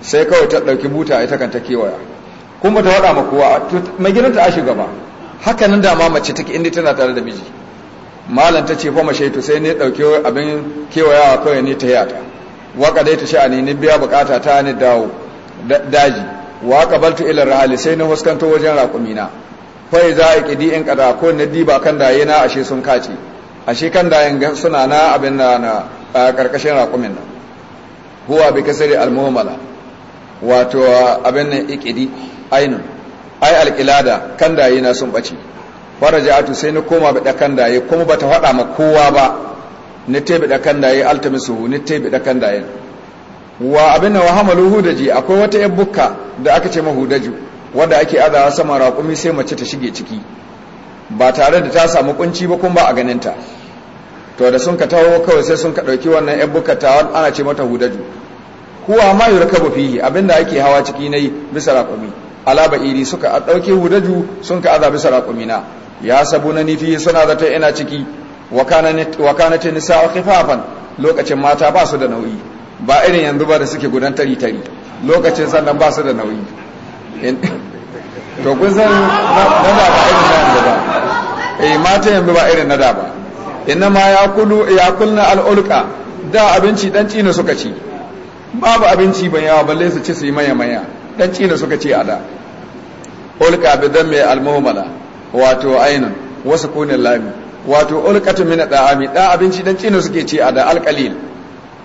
[SPEAKER 1] sai kawai ta ɗauki buta ita kan ta kewaya kuma ta waɗa ma kowa mai ta a gaba haka nan dama mace take inda tana tare da miji malam ta ce fama mace sai ne ɗauki abin kewayawa kawai ne ta yata waka dai ta sha'ani ni biya bukata ta ni dawo daji wa qabaltu ila rahali sai na huskanto wajen raƙumina fa za a ƙidi in kada ko na diba kan da yana ashe sun kace a kan da suna na abin da na karkashin rakumin nan huwa bi kasari al wato abin nan ikidi ainun ai alƙilada kan dayi na sun ɓace atu sai ni koma da kan dayi kuma bata fada ma kowa ba ni te da kan daye altamisu ni te da kan daye wa abin nan wa hamalu hudaji akwai wata yabbuka da aka ce ma hudaju wadda ake adawa sama rakumi sai mace ta shige ciki ba tare da ta samu kunci ba kuma ba a ganinta to da sun ka taho kawai sai sun ka ɗauki wannan yan bukata ana ce mata hudaju huwa ma yurkabu fihi abinda ake hawa ciki yi bisa raƙumi ala iri suka ɗauki hudaju sun ka aza bisa raƙumi na ya sabu na nifi suna zata ina ciki wa kana ta nisa kifafan lokacin mata ba su da nauyi ba irin yanzu ba da suke gudan tari tari lokacin sannan ba su da nauyi to kun san na ba irin eh mata yanzu ba irin na da ba inna ma ya kulu ya kulna al'ulqa da abinci dan cina suka ci babu abinci ban yawa balle su ci su yi maya maya dan cina suka ci a da ulqa bi dammi al-muhmala wato ainun wasu kunin lami wato ulqatu min da'ami da abinci dan cina suke ci a da alqalil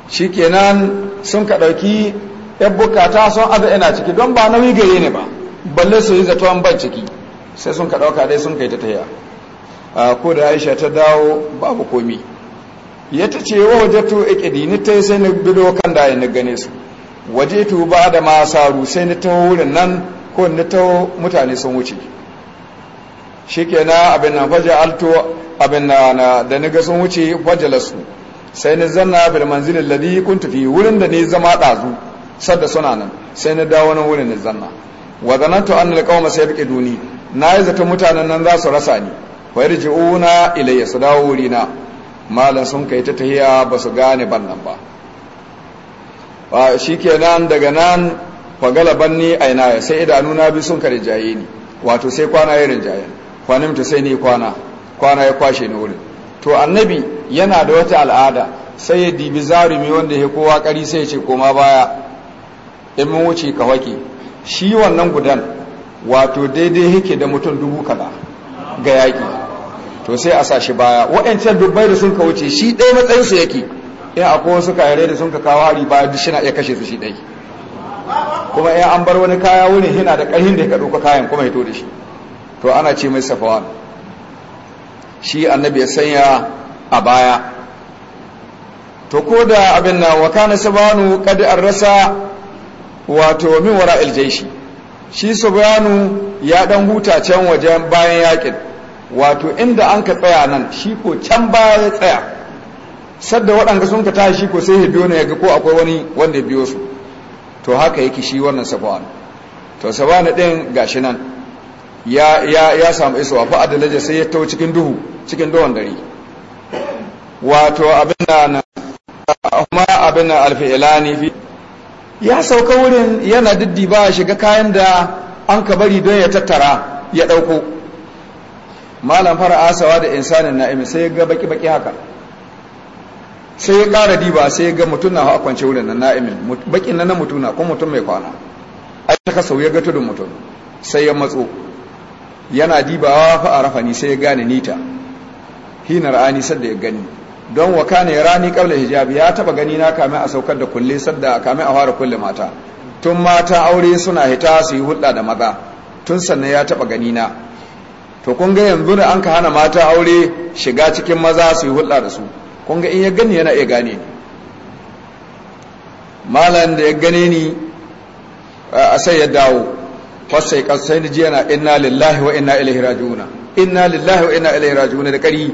[SPEAKER 1] shikenan sun ka dauki yan bukata sun aza ina ciki don ba nauyi gare ne ba balle su yi zaton ban ciki sai sun ka dauka dai sun kai ta taya ko da aisha ta dawo babu komi ya ta ce wa wajatu ni ta sai na bido kan da na gane su to ba da ma saru sai na ta wurin nan ko na ta mutane sun wuce na abin nan faja alto abin na da na ga sun wuce lasu sai na zanna bil manzilin ladi kuntu fi wurin da ne zama dazu sadda suna nan sai na dawo nan wurin na zanna wa zanantu anna al-qawma saybiqiduni na yi zaton mutanen nan za su rasa ni farji'una ilayya su dawo wurina malan sun kai ta tahiya ba su gane bannan ba ba nan daga nan fagalaban ni aina sai idanuna bi sun karjaye ni wato sai kwana ya rinjaye kwanin ta sai ni kwana kwana ya kwashe ni wurin to annabi yana da wata al'ada sai ya dibi zarumi wanda ya kowa kari sai ya ce koma baya in mun wuce ka wake shi wannan gudan wato daidai yake da mutum dubu kaza ga yaƙi to sai a sa shi baya waɗancan dubbai da sun ka wuce shi ɗaya matsayinsu yake in akwai wasu kayare da sun ka kawo hari baya duk na iya kashe su shi ɗai kuma ya an bar wani kaya wurin yana da ƙarhin da ya ɗauka kayan kuma ya to shi to ana ce mai safawan shi annabi ya sanya a baya to ko da abin na wa kana sabanu kad rasa wato min wara'il jaishi shi sabanu ya dan huta can wajen bayan yakin wato inda an ka tsaya nan shi ko can baya ya tsaya sadda waɗanda sun ka tashi shi ko sai ya biyo ne ya ga ko akwai wani wanda ya biyo su to haka yake shi wannan sabawan to sabawan ɗin ga shi nan ya ya ya samu isuwa fa adalaja sai ya tau cikin duhu cikin duhun dare wato abin da na kuma abin da ne fi ya sauka wurin yana diddi ba shiga kayan da an ka bari don ya tattara ya ɗauko malam fara asawa da insanin na'imi sai ya ga baki-baki haka sai ya kara diba sai ya ga mutum na hawa kwance wurin na'imin bakin na na mutum na kuma mutum mai kwana ai ta sau ya ga tudun mutum sai ya matso yana dibawa fa arafa ni sai ya gane nita hinar ani sadda ya gani don wa kane ya rani kabla hijabi ya taba gani na kame a saukar da kulle sadda kame a fara kulle mata tun mata aure suna hita su yi hulɗa da maza tun sannan ya taba gani na to kun ga yanzu da an ka hana mata aure shiga cikin maza su yi hulɗa da su kun ga in ya gani yana iya gane ni malam da ya gane ni a sai ya dawo fasai kasai ni ji yana inna lillahi wa inna ilaihi raji'una inna lillahi wa inna ilaihi raji'una da kari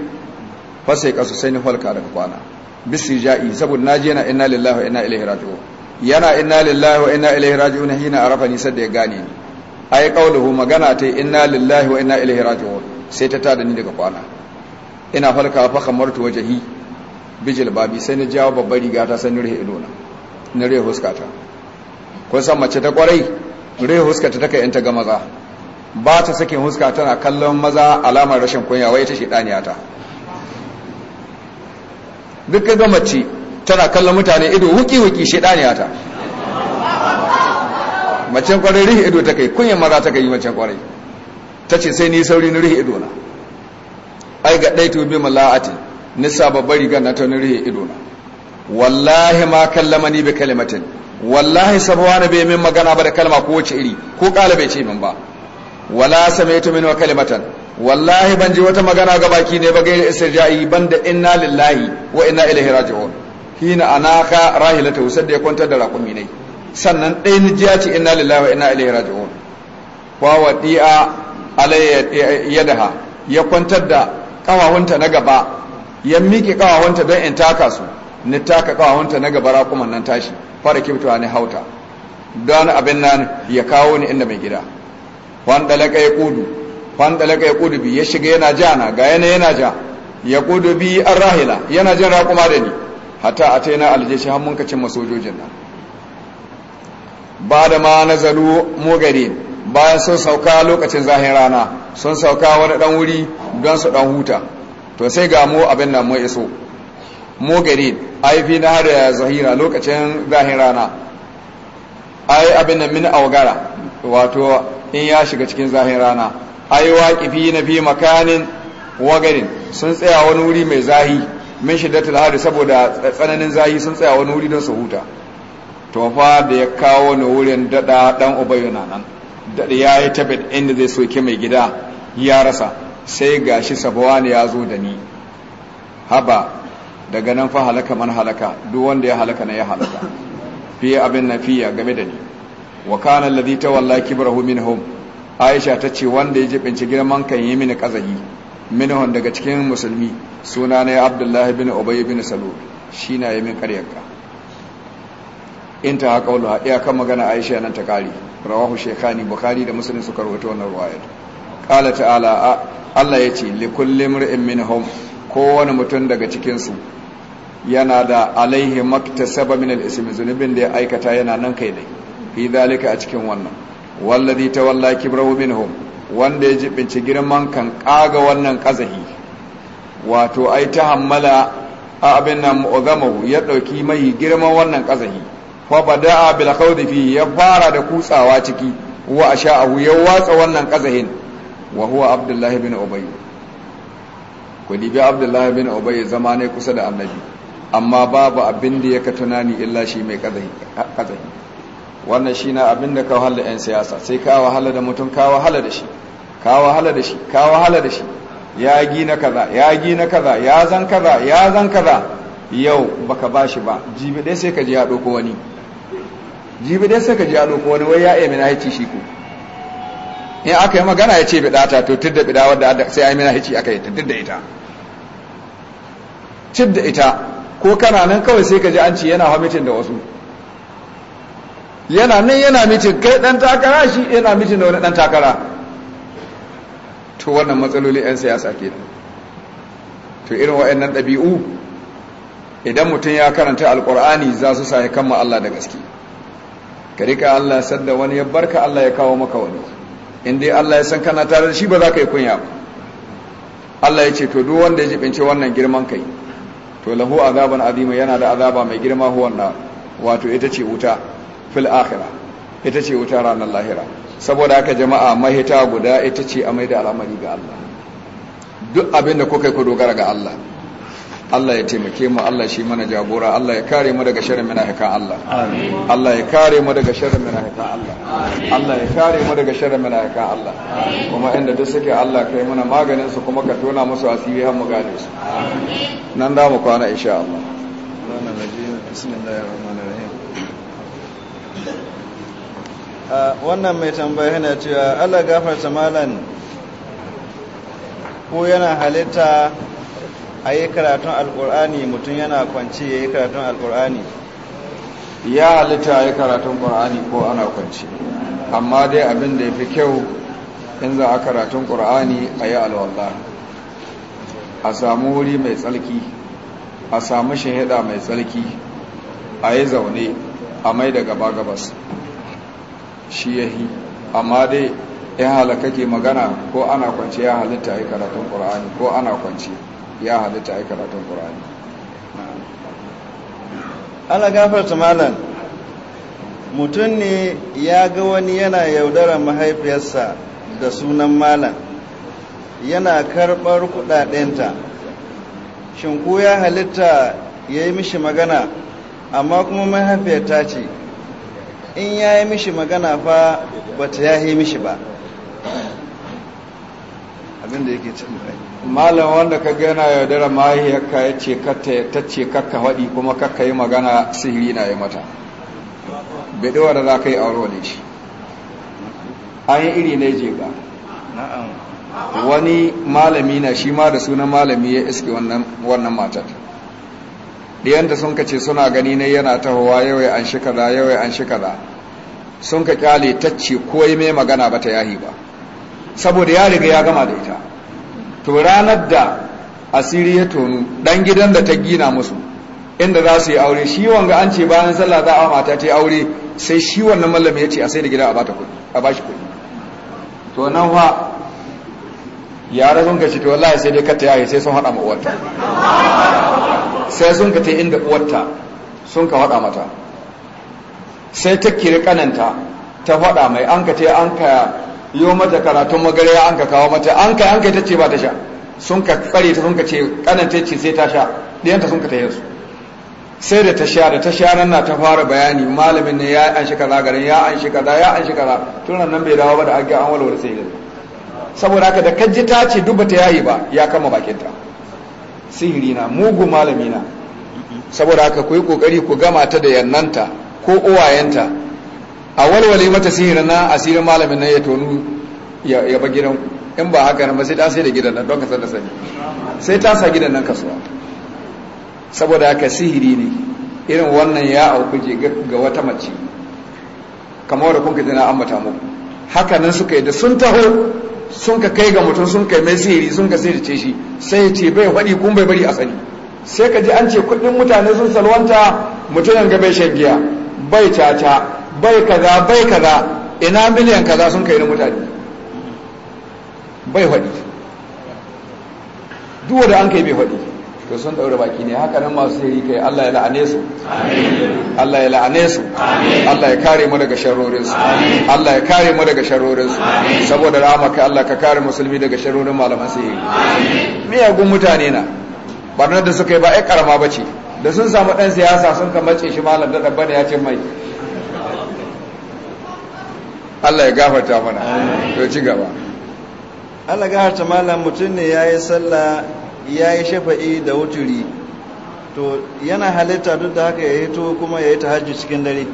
[SPEAKER 1] fasai kasu sai ni halka daga kwana bisi ja'i saboda naji yana inna lillahi wa inna ilaihi rajiuna yana inna lillahi wa inna ilaihi rajiuna hina arafa ni da ya gane ni ai ƙaunahu magana ta inna lillahi wa inna ilaihi raji'un sai ta tada ni daga kwana ina falka fa kamartu wajhi bijil babi sai na jawo babbar riga ta sai ni rihe idona na rihe huskata kun san mace ta kwarai rihe huskata take in ta ga maza ba ta sakin huska tana kallon maza alamar rashin kunya wai ta shedaniya ta duk ga mace tana kallon mutane ido wuki wuki shedaniya ta macen kwarai rihi ido ta kai kunyan mara ta kai macen kwarai ta ce sai ni sauri ni rihi ido na ai ga ɗaitu bi mala'ati nisa babbar rigar na ta ni rihi ido na wallahi ma kallama ni bi kalimatin wallahi sabuwa na bai min magana ba da kalma ko wace iri ko kala bai ce min ba wala samaitu min wa kalimatan wallahi ban ji wata magana ga baki ne ba gaira istirja'i banda inna lillahi wa inna ilaihi raji'un hina anaka rahilata usad da ya kwantar da raƙumi ne sannan ɗaya jiya ce inna lillahi wa inna ilaihi raji'un wa wadi'a alayya yadaha ya kwantar da kawawunta na gaba ya miƙe kawawunta don in taka su ni taka kawawunta na gaba raƙuman nan tashi fara kibtuwa ni hauta don abin nan ya kawo ni inda mai gida wanda laka ya kudu ya kudu bi ya shiga yana ja na ga yana yana ja ya kudu bi an rahila yana jin raƙuma da ni hatta a ta yana aljeshi har mun ka cin masojojin nan ba da ma nazaru mogari bayan sun sauka lokacin zahin rana sun sauka wani dan wuri don su dan huta to sai ga mu abin nan mai iso yi fi na har zahira lokacin zahin rana ai abin nan min augara wato in ya shiga cikin zahin rana ai waqifi na fi makanin wagarin sun tsaya wani wuri mai zahi min shiddatul hari saboda tsananin zahi sun tsaya wani wuri don su huta to fa da ya kawo ni wurin dada dan ubayu nan dada ya yi tabbat inda zai soke mai gida ya rasa sai gashi sabawani ya zo da ni haba daga nan fa halaka man halaka duk wanda ya halaka na ya halaka fi abin nafiya game da ni wa kana alladhi tawalla kibrahu minhum aisha ta ce wanda ya jibinci girman kan yi mini kazahi minhum daga cikin musulmi sunana ya abdullahi bin ubay bin salul shi na yi min karyarka in ta haka wani haɗe kan magana aisha nan ta ƙari rawahu shekani bukari da musulun suka rubuta wannan ruwayar ƙala ta'ala allah ya ce likullin ri'in min hom kowane mutum daga cikinsu yana da alaihi makta min al zunubin da ya aikata yana nan kai ne fi dalika a cikin wannan wallazi kibrahu wanda ya jibinci girman kan wannan kazahi wato ai ta hammala a abin nan ya ɗauki mai girman wannan kazahi fa bada'a bil qawdi fi ya fara da kutsawa ciki wa asha'ahu ya watsa wannan qazahin wa huwa abdullahi bin ubay ku dibi abdullahi bin ubay zama ne kusa da annabi amma babu abin da yake tunani illa shi mai kazahi kazahi wannan shine abin da ka wahala yan siyasa sai ka wahala da mutum ka wahala da shi ka wahala da shi ka wahala da shi ya gina kaza ya gina kaza ya zan kaza ya zan kaza yau baka bashi ba jibi dai sai ka ji ya doko wani jibi dai sai ka ji alo ko wani wai ya mina hici shi ko in aka yi magana ya ce bida to tudda bida wadda sai mina hici aka yi ta tudda ita tudda ita ko kana nan kawai sai ka ji an ci yana hamitin da wasu yana nan yana mitin kai dan takara shi yana mitin da wani dan takara to wannan matsaloli 'yan siyasa ke to irin wa'annan ɗabi'u idan mutum ya karanta alƙur'ani za su sa ya kama Allah da gaske ka rika Allah sadda wani ya barka Allah ya kawo maka wani in Allah ya san kana tare da shi ba za ka yi kunya ba Allah ya ce to duk wanda ya jibince wannan girman kai to lahu azaban azima yana da azaba mai girma huwanna wato ita ce wuta fil akhirah ita ce wuta ranar lahira saboda haka jama'a mahita guda ita ce a da al'amari ga Allah duk abin da kuka yi ku dogara ga Allah Allah ya taimake mu Allah shi mana jagora Allah ya kare mu daga sharrin munafikan Allah amin Allah ya kare mu daga sharrin munafikan Allah
[SPEAKER 3] amin Allah
[SPEAKER 1] ya kare mu daga sharrin munafikan Allah amin kuma inda duk suke Allah kai muna maganin su kuma ka tona musu asiri har mu gane su amin nan da mu kwana insha Allah
[SPEAKER 4] ah, wannan mai tambaya yana cewa Allah gafarta malan ko yana halitta Ayi yi karatun alkur'ani mutum yana kwanci ya yi karatun alkur'ani ya halitta a karatun ƙur'ani ko ana kwanci amma dai abin da ya fi
[SPEAKER 1] kyau in za a karatun ƙur'ani ayi yi alwallah a samu wuri mai tsarki a samu shahida mai tsarki a yi zaune a mai da gaba gabas shi yahi amma dai in halakake magana ko ana kwanci ya halitta a yi karatun ƙur'ani ko ana kwanci ya halitta a karatun ƙur'ani
[SPEAKER 4] ana gafarta malam mutum ne ya ga wani yana yaudarar mahaifiyarsa da sunan malam yana karɓar kuɗaɗenta shin ko ya halitta ya yi mishi magana amma kuma mahaifiyar ta ce in ya yi mishi magana fa bata yi mishi ba abinda yake cin kai malam wanda ka
[SPEAKER 1] gana yaudara mahaifiyarka ya ce ta ce kakka haɗi kuma kakka yi magana sihiri na yi mata bidowa da za ka yi auro ne shi an yi iri ne je ba wani malami na shi ma da sunan malami ya iske wannan matar ɗiyanta sun ka ce suna gani ne yana tahowa yawai an shi kaza yawai an shi kaza sun ka kyale ta ce ko yi mai magana ba ta yahi ba saboda ya riga ya gama da ita to ranar da asiri ya tonu dan gidan da ta gina musu inda za su yi aure shi wanga an ce bayan sallah za a mata ta yi aure sai shi wannan mallam ya ce a sai da gida a ba shi kuɗi to nan fa ya rasu ka shi to wallahi sai dai katta yayi sai sun hada ma uwarta sai sun ka ta inda uwarta sun ka hada mata sai ta kiri kananta ta faɗa mai an ka an ka yo mata karatun magarya an ka kawo mata an kai yanka ta ce ba ta sha sun ka tsare ta sun ka ce kananta ce sai ta sha ɗiyanta sun ka ta yansu sai da ta sha da ta sha nan na ta fara bayani malamin ne ya an shekara garin ya an shekara ya an shekara tun nan bai dawo ba da agga an walwala sai gari saboda haka da kajji ta ce duk bata yayi ba ya kama bakinta sihiri na mugu malami na saboda haka ku yi kokari ku gama ta da yannanta ko uwayenta a walwale mata sihiri na asirin malamin na ya tonu ya ba gidan in ba haka nan ba sai ta sai da gidan nan don kasar da sani sai ta sa gidan nan kasuwa saboda haka sihiri ne irin wannan ya auku ga wata mace kamar da kuka ka jina an mata muku haka nan suka yi da sun taho sun ka kai ga mutum sun kai mai sihiri sun ka sai da ce shi sai ya ce bai faɗi kun bai bari a sani sai ka ji an ce kuɗin mutane sun salwanta mutumin ga bai shan giya bai caca bai kaza bai kaza ina miliyan kaza sun kai na mutane bai faɗi duk da an kai bai faɗi to sun daura baki ne haka nan masu sirri kai Allah ya la'ane su Allah ya la'ane su Allah ya kare mu daga sharrorin su Allah ya kare mu daga sharrorin su saboda rahmaka Allah ka kare musulmi daga sharorin malaman sirri miyagun mutane na barnar da suka yi ba ai karama bace da sun samu dan siyasa sun kamace shi malam da dabba da ya ce mai Allah ya gafarta mana to ci gaba
[SPEAKER 4] Allah gafarta malam mutum ne yayi sallah yayi shafa'i da wuturi to yana halitta duk da haka ya to kuma ya yi tahajji cikin dare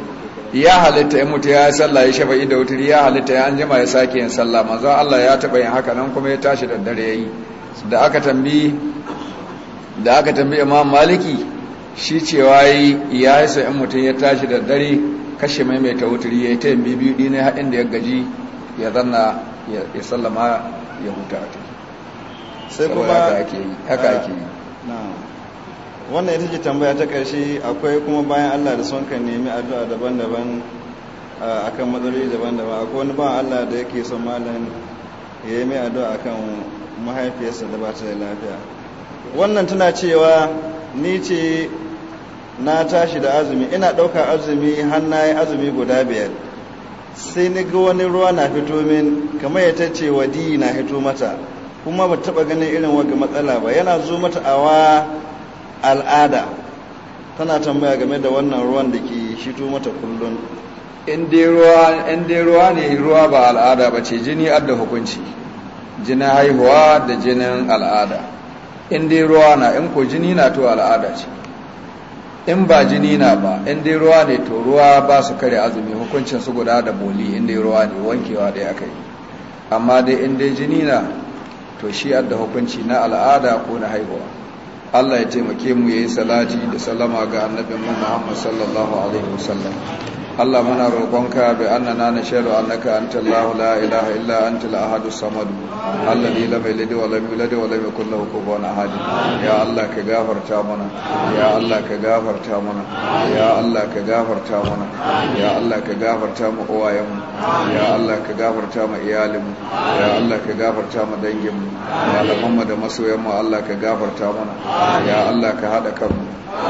[SPEAKER 1] ya halitta ya mutu ya sallah ya shafa'i da wuturi ya halitta ya anjima ya sake yin sallah manzo Allah ya taba yin haka nan kuma ya tashi da dare yayi da aka tambayi da aka tambayi Imam Maliki shi cewa yayi ya yi sa'in mutum ya tashi da dare kashe maimaita wuturi ya yi ta yin biyu ne haɗin da ya gaji ya
[SPEAKER 4] zanna ya sallama ya huta ciki sai kuma haka ake yi eh, wannan ita ce tambaya ta ƙarshe akwai kuma bayan allah da son kan nemi addu'a daban-daban eh, a kan matsaloli daban-daban akwai wani ba allah da yake son malam ya yi mai addu'a a kan mahaifiyarsa da ba ta da lafiya wannan tana cewa ni ce na tashi da azumi ina ɗauka azumi har azumi guda biyar sai ni ga wani ruwa na fito min kamar ya tace wadi na fito mata kuma ba taɓa ganin irin waga matsala ba yana zo mata awa al'ada tana tambaya game da wannan ruwan da ke shito mata kullum in dai ruwa ne ruwa ba al'ada ba
[SPEAKER 1] ce jini adda hukunci jinin haihuwa da jinin al'ada in dai ruwa na in ko jini na to al'ada ce in ba jini na ba in dai ruwa ne to ruwa ba su kare azumi hukuncin su guda da boli in dai ruwa ne wankewa dai aka yi amma dai in dai jini na to shi adda hukunci na al'ada ko na haihuwa Allah ya taimake mu yi salati da salama ga annabin Muhammad sallallahu alaihi wasallam Allah muna roƙonka bi annana nashhadu annaka Anta lahu la ilaha illa antal ahadus samad alladhi lam yalid wa lam yulad wa lam yakul lahu kufuwan ahad ya Allah ka gafarta mana ya Allah ka gafarta mana ya Allah ka gafarta mana ya Allah ka gafarta mu uwayen mu ya Allah ka gafarta mu iyalin mu ya Allah ka gafarta mu dangin mu malaman mu da masoyan mu Allah ka gafarta mana ya Allah ka hada kanmu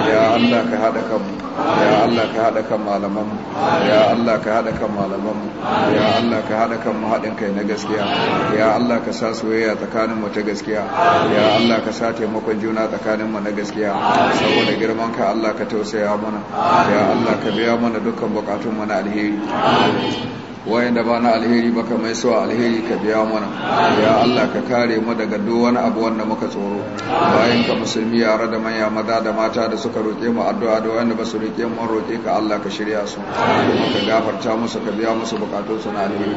[SPEAKER 1] ya Allah ka hada kanmu ya Allah ka hada kan malaman mu ya Allah ka haɗa kan malamanmu ya Allah ka haɗa kan mahaɗin kai na gaskiya ya Allah ka sa soyayya tsakaninmu ta gaskiya ya Allah ka sa taimakon juna tsakaninmu na gaskiya saboda girman ka Allah ka tausaya mana ya Allah ka biya mana dukkan mu na alheri wayanda ba na alheri ba ka mai suwa alheri ka biya mana ya Allah ka kare mu daga duk wani abu wanda muka tsoro bayan ka musulmi yare da manya maza da mata da suka roƙe mu addu'a da wayanda ba su roƙe mu roƙe ka Allah ka shirya su kuma ka gafarta musu ka biya musu bukatun su na alheri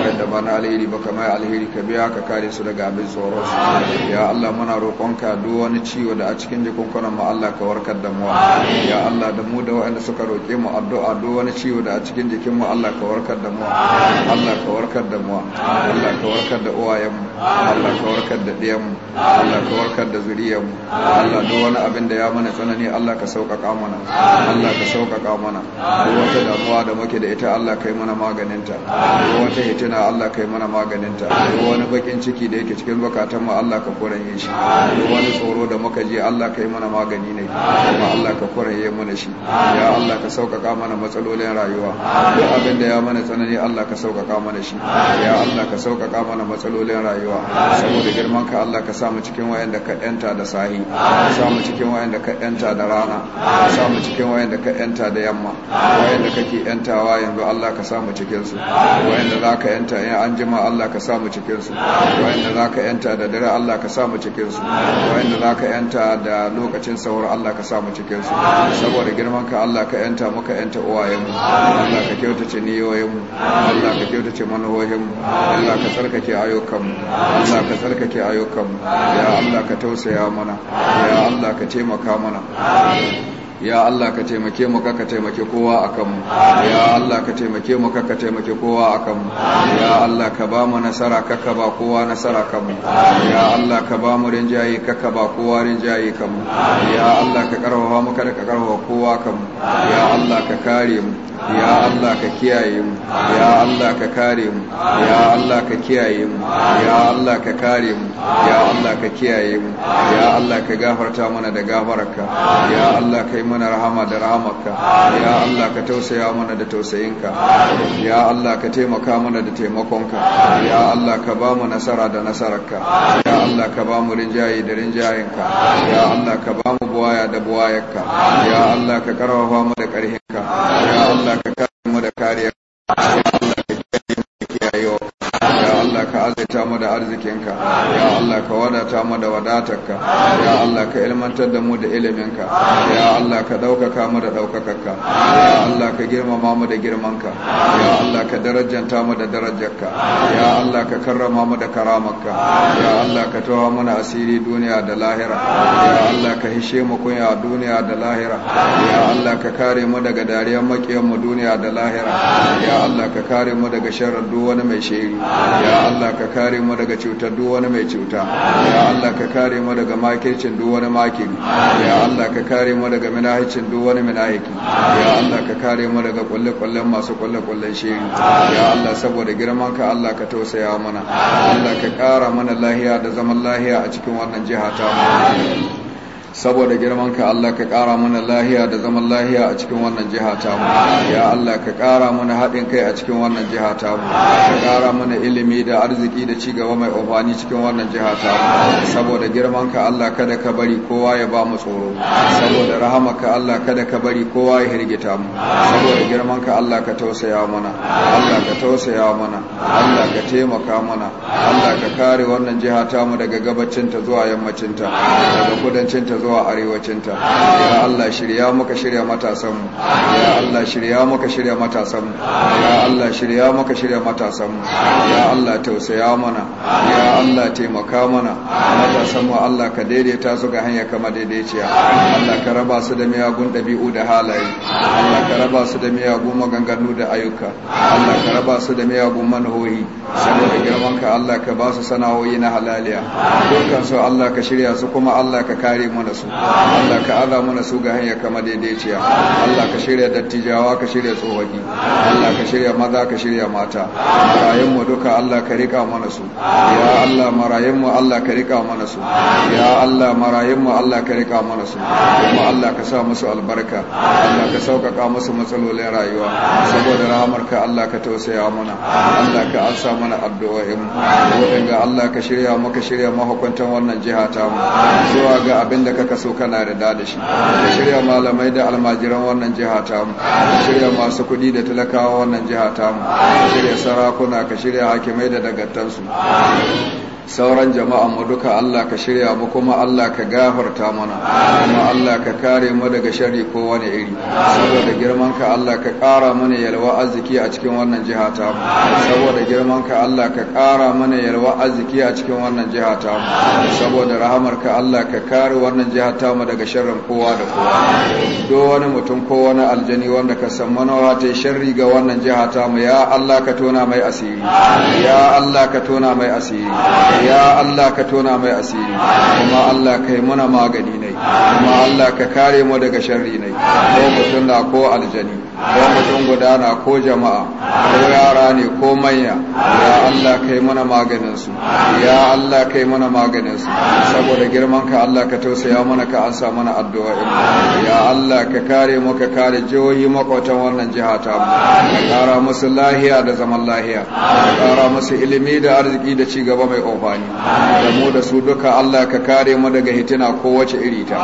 [SPEAKER 1] wayanda ba na alheri ba ka mai alheri ka biya ka kare su daga abin tsoro su ya Allah muna roƙonka duk wani ciwo da a cikin jikunkunan mu Allah ka warkar da mu ya Allah da mu da wayanda suka roƙe mu addu'a duk wani ciwo da a cikin jikin mu Allah ka warkar da mu mu Allah ka warkar da mu Allah ka warkar da uwayen mu Allah ka warkar da ɗiyan mu Allah ka warkar da zuriyar mu Allah duk wani abin da ya mana tsanani Allah ka sauƙaƙa mana Allah ka sauƙaƙa mana duk wata damuwa da muke da ita Allah kai mana maganinta duk wata hitina Allah kai mana maganinta duk wani bakin ciki da yake cikin bakatan mu Allah ka koranye shi duk wani tsoro da muka je Allah kai mana magani ne kuma Allah ka koranye mana shi ya Allah ka sauƙaƙa mana matsalolin rayuwa duk abin da ya mana tsanani ne Allah ka sauƙaƙa mana shi ya Allah ka sauƙaƙa mana matsalolin rayuwa saboda girman ka Allah ka samu cikin da ka yanta da sahi ka samu cikin da ka yanta da rana ka samu cikin da ka yanta da yamma da kake yantawa yanzu Allah ka samu cikin su wayanda za ka yanta in an jima Allah ka samu cikin su wayanda za ka yanta da dare Allah ka samu cikin su wayanda za ka yanta da lokacin sahur Allah ka samu cikin su saboda girman ka Allah ka yanta muka yanta uwayenmu Allah ka kyautace niyoyinmu Allah ka kyautace manohohinmu Allah ka tsarkake ayyukanmu Allah ka tsarkake ayyukanmu ya Allah ka tausaya mana ya Allah ka taimaka mana ya Allah ka taimake mu ka taimake kowa akan ya Allah ka taimake mu ka taimake kowa akan ya Allah ka ba mu nasara ka ka ba kowa nasara kanmu ya Allah ka ba mu rinjaye ka ka ba kowa rinjaye kanmu ya Allah ka karfafa mu ka ka karfafa kowa kanmu ya Allah ka kare mu ya Allah ka kiyaye mu ya Allah ka kare mu ya Allah ka kiyaye mu ya Allah ka kare mu ya Allah ka kiyaye mu ya Allah ka gafarta mana da gafararka ya Allah kai mana rahama da rahamarka ya Allah ka tausaya mana da tausayinka ya Allah ka taimaka mana da taimakonka ya Allah ka ba mu nasara da nasararka ya Allah ka ba mu rinjaye da rinjayenka ya Allah ka ba mu buwaya da buwayarka ya Allah ka karfafa mu da karhinka ya Allah Allah da azaita mu da arzikinka ya Allah ka wadata mu da wadatarka ya Allah ka ilmantar da mu da iliminka ya Allah ka ɗaukaka mu da daukakarka ya Allah ka girmama mu da girmanka ya Allah ka darajanta mu da darajarka ya Allah ka karrama mu da karamarka ya Allah ka tawa mana asiri duniya da lahira ya Allah ka hishe mu kunya duniya da lahira ya Allah ka kare mu daga dariyar makiyan mu duniya da lahira ya Allah ka kare mu daga sharrin duk wani mai shiri ya Allah ka kare mu daga cutar duk wani mai cuta ya Allah ka kare mu daga makircin duk wani makiri ya Allah ka kare mu daga minahicin duk wani minahiki ya Allah ka kare mu daga kulle-kullen masu kulle-kullen shi. ya Allah saboda girman ka Allah ka tausaya mana Allah ka kara mana lahiya da zaman lahiya a cikin wannan jiha ta mu saboda girman ka Allah ka ƙara mana lahiya da zaman lahiya a cikin wannan jiha ta mu ya Allah ka ƙara mana haɗin kai a cikin wannan jiha ta mu ka ƙara mana ilimi da arziki da ci gaba mai amfani cikin wannan jiha ta mu saboda girman ka Allah kada ka bari kowa ya ba mu tsoro saboda rahamaka Allah kada ka bari kowa ya hirgita mu saboda girman ka Allah ka tausaya mana Allah ka tausaya mana Allah ka taimaka mana Allah ka kare wannan jiha ta mu daga gabacinta zuwa yammacinta daga kudancinta zuwa arewacinta ya Allah shirya maka shirya matasanmu ya Allah shirya maka shirya matasanmu ya Allah shirya maka shirya matasanmu ya Allah tausaya mana ya Allah taimaka mana matasanmu Allah ka daidaita su ga hanya kama daidaiciya Allah ka raba su da miyagun ɗabi'u da halaye Allah ka raba su da miyagun maganganu da ayyuka Allah ka raba su da miyagun manhoyi saboda ka Allah ka ba su sana'o'i na halaliya dukkan su Allah ka shirya su kuma Allah ka kare mu da su Allah ka aza mana su ga hanya kama daidaiciya Allah ka shirya dattijawa ka shirya tsofaffi Allah ka shirya maza ka shirya mata marayun mu duka Allah ka rika mana su ya Allah marayun mu Allah ka rika mana su ya Allah marayun mu Allah ka rika mana su kuma Allah ka sa musu albarka Allah ka sauƙaƙa musu matsalolin rayuwa saboda rahamarka Allah ka tausaya mana Allah ka ansa mana addu'o'in mu ga Allah ka shirya maka shirya mahukuntan wannan jiha ta mu zuwa ga abin da ka kaso kana da da shi ka shirya malamai da almajiran wannan jiha ta mu ka shirya masu kuɗi da talakawa wannan jiha ta mu ka shirya sarakuna ka shirya hakimai da dagattansu sauran jama'a mu duka Allah ka shirya mu kuma Allah ka gafarta mana kuma Allah ka kare mu daga sharri ko wani iri saboda girman ka Allah ka ƙara mana yalwa arziki a cikin wannan jiha ta saboda girman ka Allah ka ƙara mana yalwa arziki a cikin wannan jiha ta saboda rahamar ka Allah ka kare wannan jiha ta mu daga sharrin kowa da kowa duk wani mutum ko wani aljani wanda ka san manawa ta sharri ga wannan jiha ta mu ya Allah ka tona mai asiri ya Allah ka tona mai asiri ya Allah ka tona mai asiri kuma Allah ka yi muna magani ne kuma Allah ka kare mu daga sharri ne ko mutum na ko aljani ko mutum guda ko jama'a ko yara ne ko manya ya Allah kai mana maganin ya Allah kai mana maganin saboda girman ka Allah ka tausaya mana ka ansa mana addu'a ya Allah ka kare mu ka kare jihohi makwatan wannan jiha ta mu ka kara musu lahiya da zaman lahiya ka kara musu ilimi da arziki da ci gaba mai ofani. da mu da su duka Allah ka kare mu daga hitina ko wace iri ta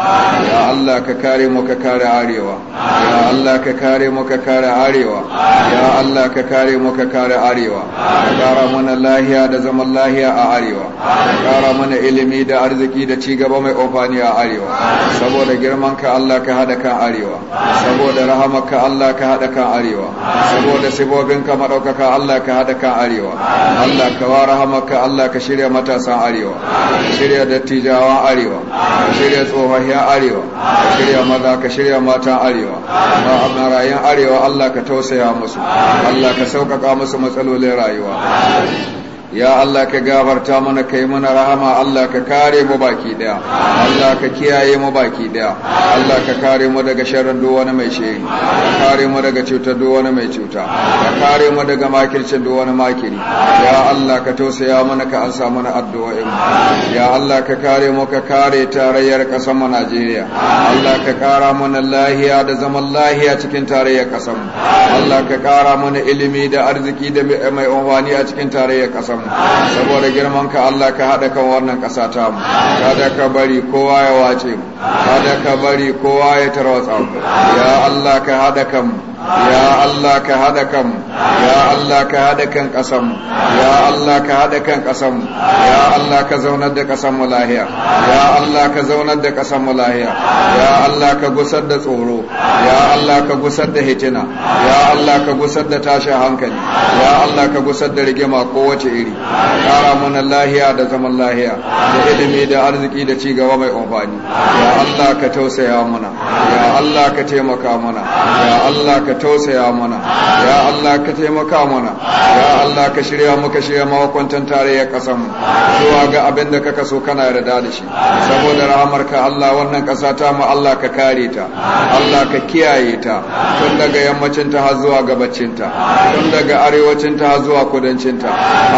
[SPEAKER 1] ya Allah ka kare mu ka kare arewa ya Allah ka kare mu ka kare arewa ya Allah ka kare mu ka kare arewa ka kara mana lahiya da zaman lahiya a arewa ka kara mana ilimi da arziki da ci gaba mai amfani a arewa saboda girman ka Allah ka hada kan arewa saboda rahamar ka Allah ka hada kan arewa saboda sibobin ka madaukaka Allah ka hada kan arewa Allah ka wa rahamar ka Allah ka shirya matasan arewa shirya dattijawan arewa ka shirya tsohon arewa ka shirya maza ka shirya matan arewa ba marayun arewa Allah ka tausaya musu Allah ka sauƙaƙa musu matsalolin rayuwa ya Allah ka gafarta mana kai mana rahama Allah ka kare mu baki daya Allah ka kiyaye mu baki daya Allah ka kare mu daga sharrin duk wani mai shiri ka kare mu daga cutar duk wani mai cuta ka kare mu daga makircin duk wani makiri ya Allah ka tausaya mana ka ansa mana addu'o'in ya Allah ka kare mu ka kare tarayyar kasar mu Najeriya Allah ka kara mana lahiya da zaman lahiya cikin tarayyar kasar mu Allah ka kara mana ilimi da arziki da mai unwani a cikin tarayyar kasar mu saboda girman ka Allah ka haɗa kan wannan ƙasa ta mu kada ka bari kowa ya wace mu kada ka bari kowa ya tarwatsa mu ya Allah ka haɗa kan mu ya Allah ka haɗa kan ya Allah ka haɗa kan kasan ya Allah ka haɗa kan kasan ya Allah ka zaunar da ƙasan mu lahiya ya Allah ka zaunar da ƙasan mu lahiya ya Allah ka gusar da tsoro ya Allah ka gusar da hijina ya Allah ka gusar da tashin hankali ya Allah ka gusar da rigima kowace iri kara mana lahiya da zaman lahiya da ilimi da arziki da ci gaba mai amfani ya Allah ka tausaya mana ya Allah ka taimaka mana ya Allah ka ka tausaya mana ya Allah ka taimaka mana ya Allah ka shirya muka shirya mahukuntan tarayyar ƙasar mu zuwa ga abin da kaka so kana yarda da shi saboda rahamarka Allah wannan kasa ta mu Allah ka kare ta Allah ka kiyaye ta tun daga yammacin ta har zuwa gabacin ta tun daga arewacin ta har zuwa kudancin ta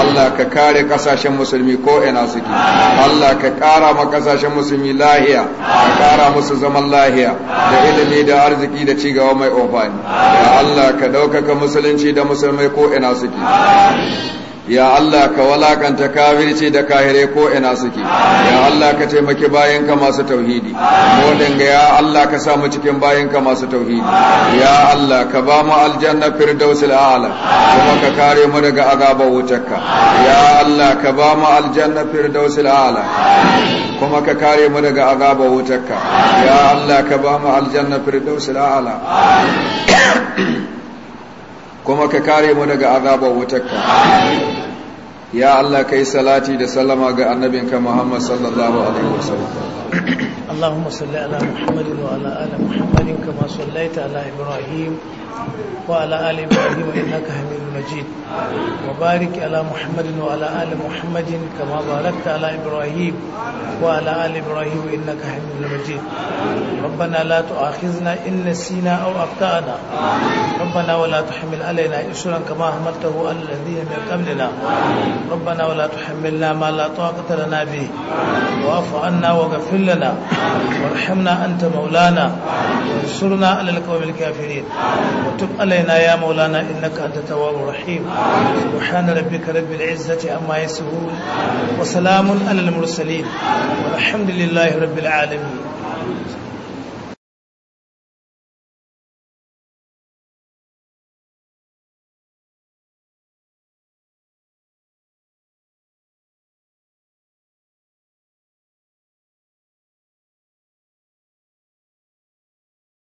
[SPEAKER 1] Allah ka kare kasashen musulmi ko ina suke Allah ka kara ma ƙasashen musulmi lahiya ka kara musu zaman lahiya da ilimi da arziki da cigaba mai ofani Allah ka ɗaukaka musulunci da musulmai ko ina suke ya Allah ka walakanta kafirci da kahire ko ina suke ya Allah ka taimaki bayanka masu tauhidi modin ga ya Allah ka sa mu cikin bayanka masu tauhidi ya Allah ka ba mu aljanna firdausul a'la kuma ka kare mu daga azabar wutarka ya Allah ka ba mu aljanna firdausul a'la kuma ka kare mu daga azabar wutarka ya Allah ka ba mu aljanna firdausul a'la kuma ka kare mu daga azabar wutarka ya Allah kai salati da salama ga annabinka Muhammad sallallahu alaihi wasallam
[SPEAKER 2] Allahumma salli ala Muhammadin wa ala ali Muhammadin kama sallaita ala Ibrahim وعلى آل إبراهيم إنك حميد مجيد وبارك على محمد وعلى آل محمد كما باركت على إبراهيم وعلى آل إبراهيم إنك حميد مجيد ربنا لا تؤاخذنا إن نسينا أو أخطأنا ربنا ولا تحمل علينا إسرا كما حملته على الذين من قبلنا ربنا ولا تحملنا ما لا طاقة لنا به واعف عنا واغفر لنا وارحمنا أنت مولانا وانصرنا على القوم الكافرين وتب علينا يا مولانا إنك أنت التواب الرحيم سبحان ربك رب العزة عما يصفون وسلام على المرسلين والحمد لله رب
[SPEAKER 3] العالمين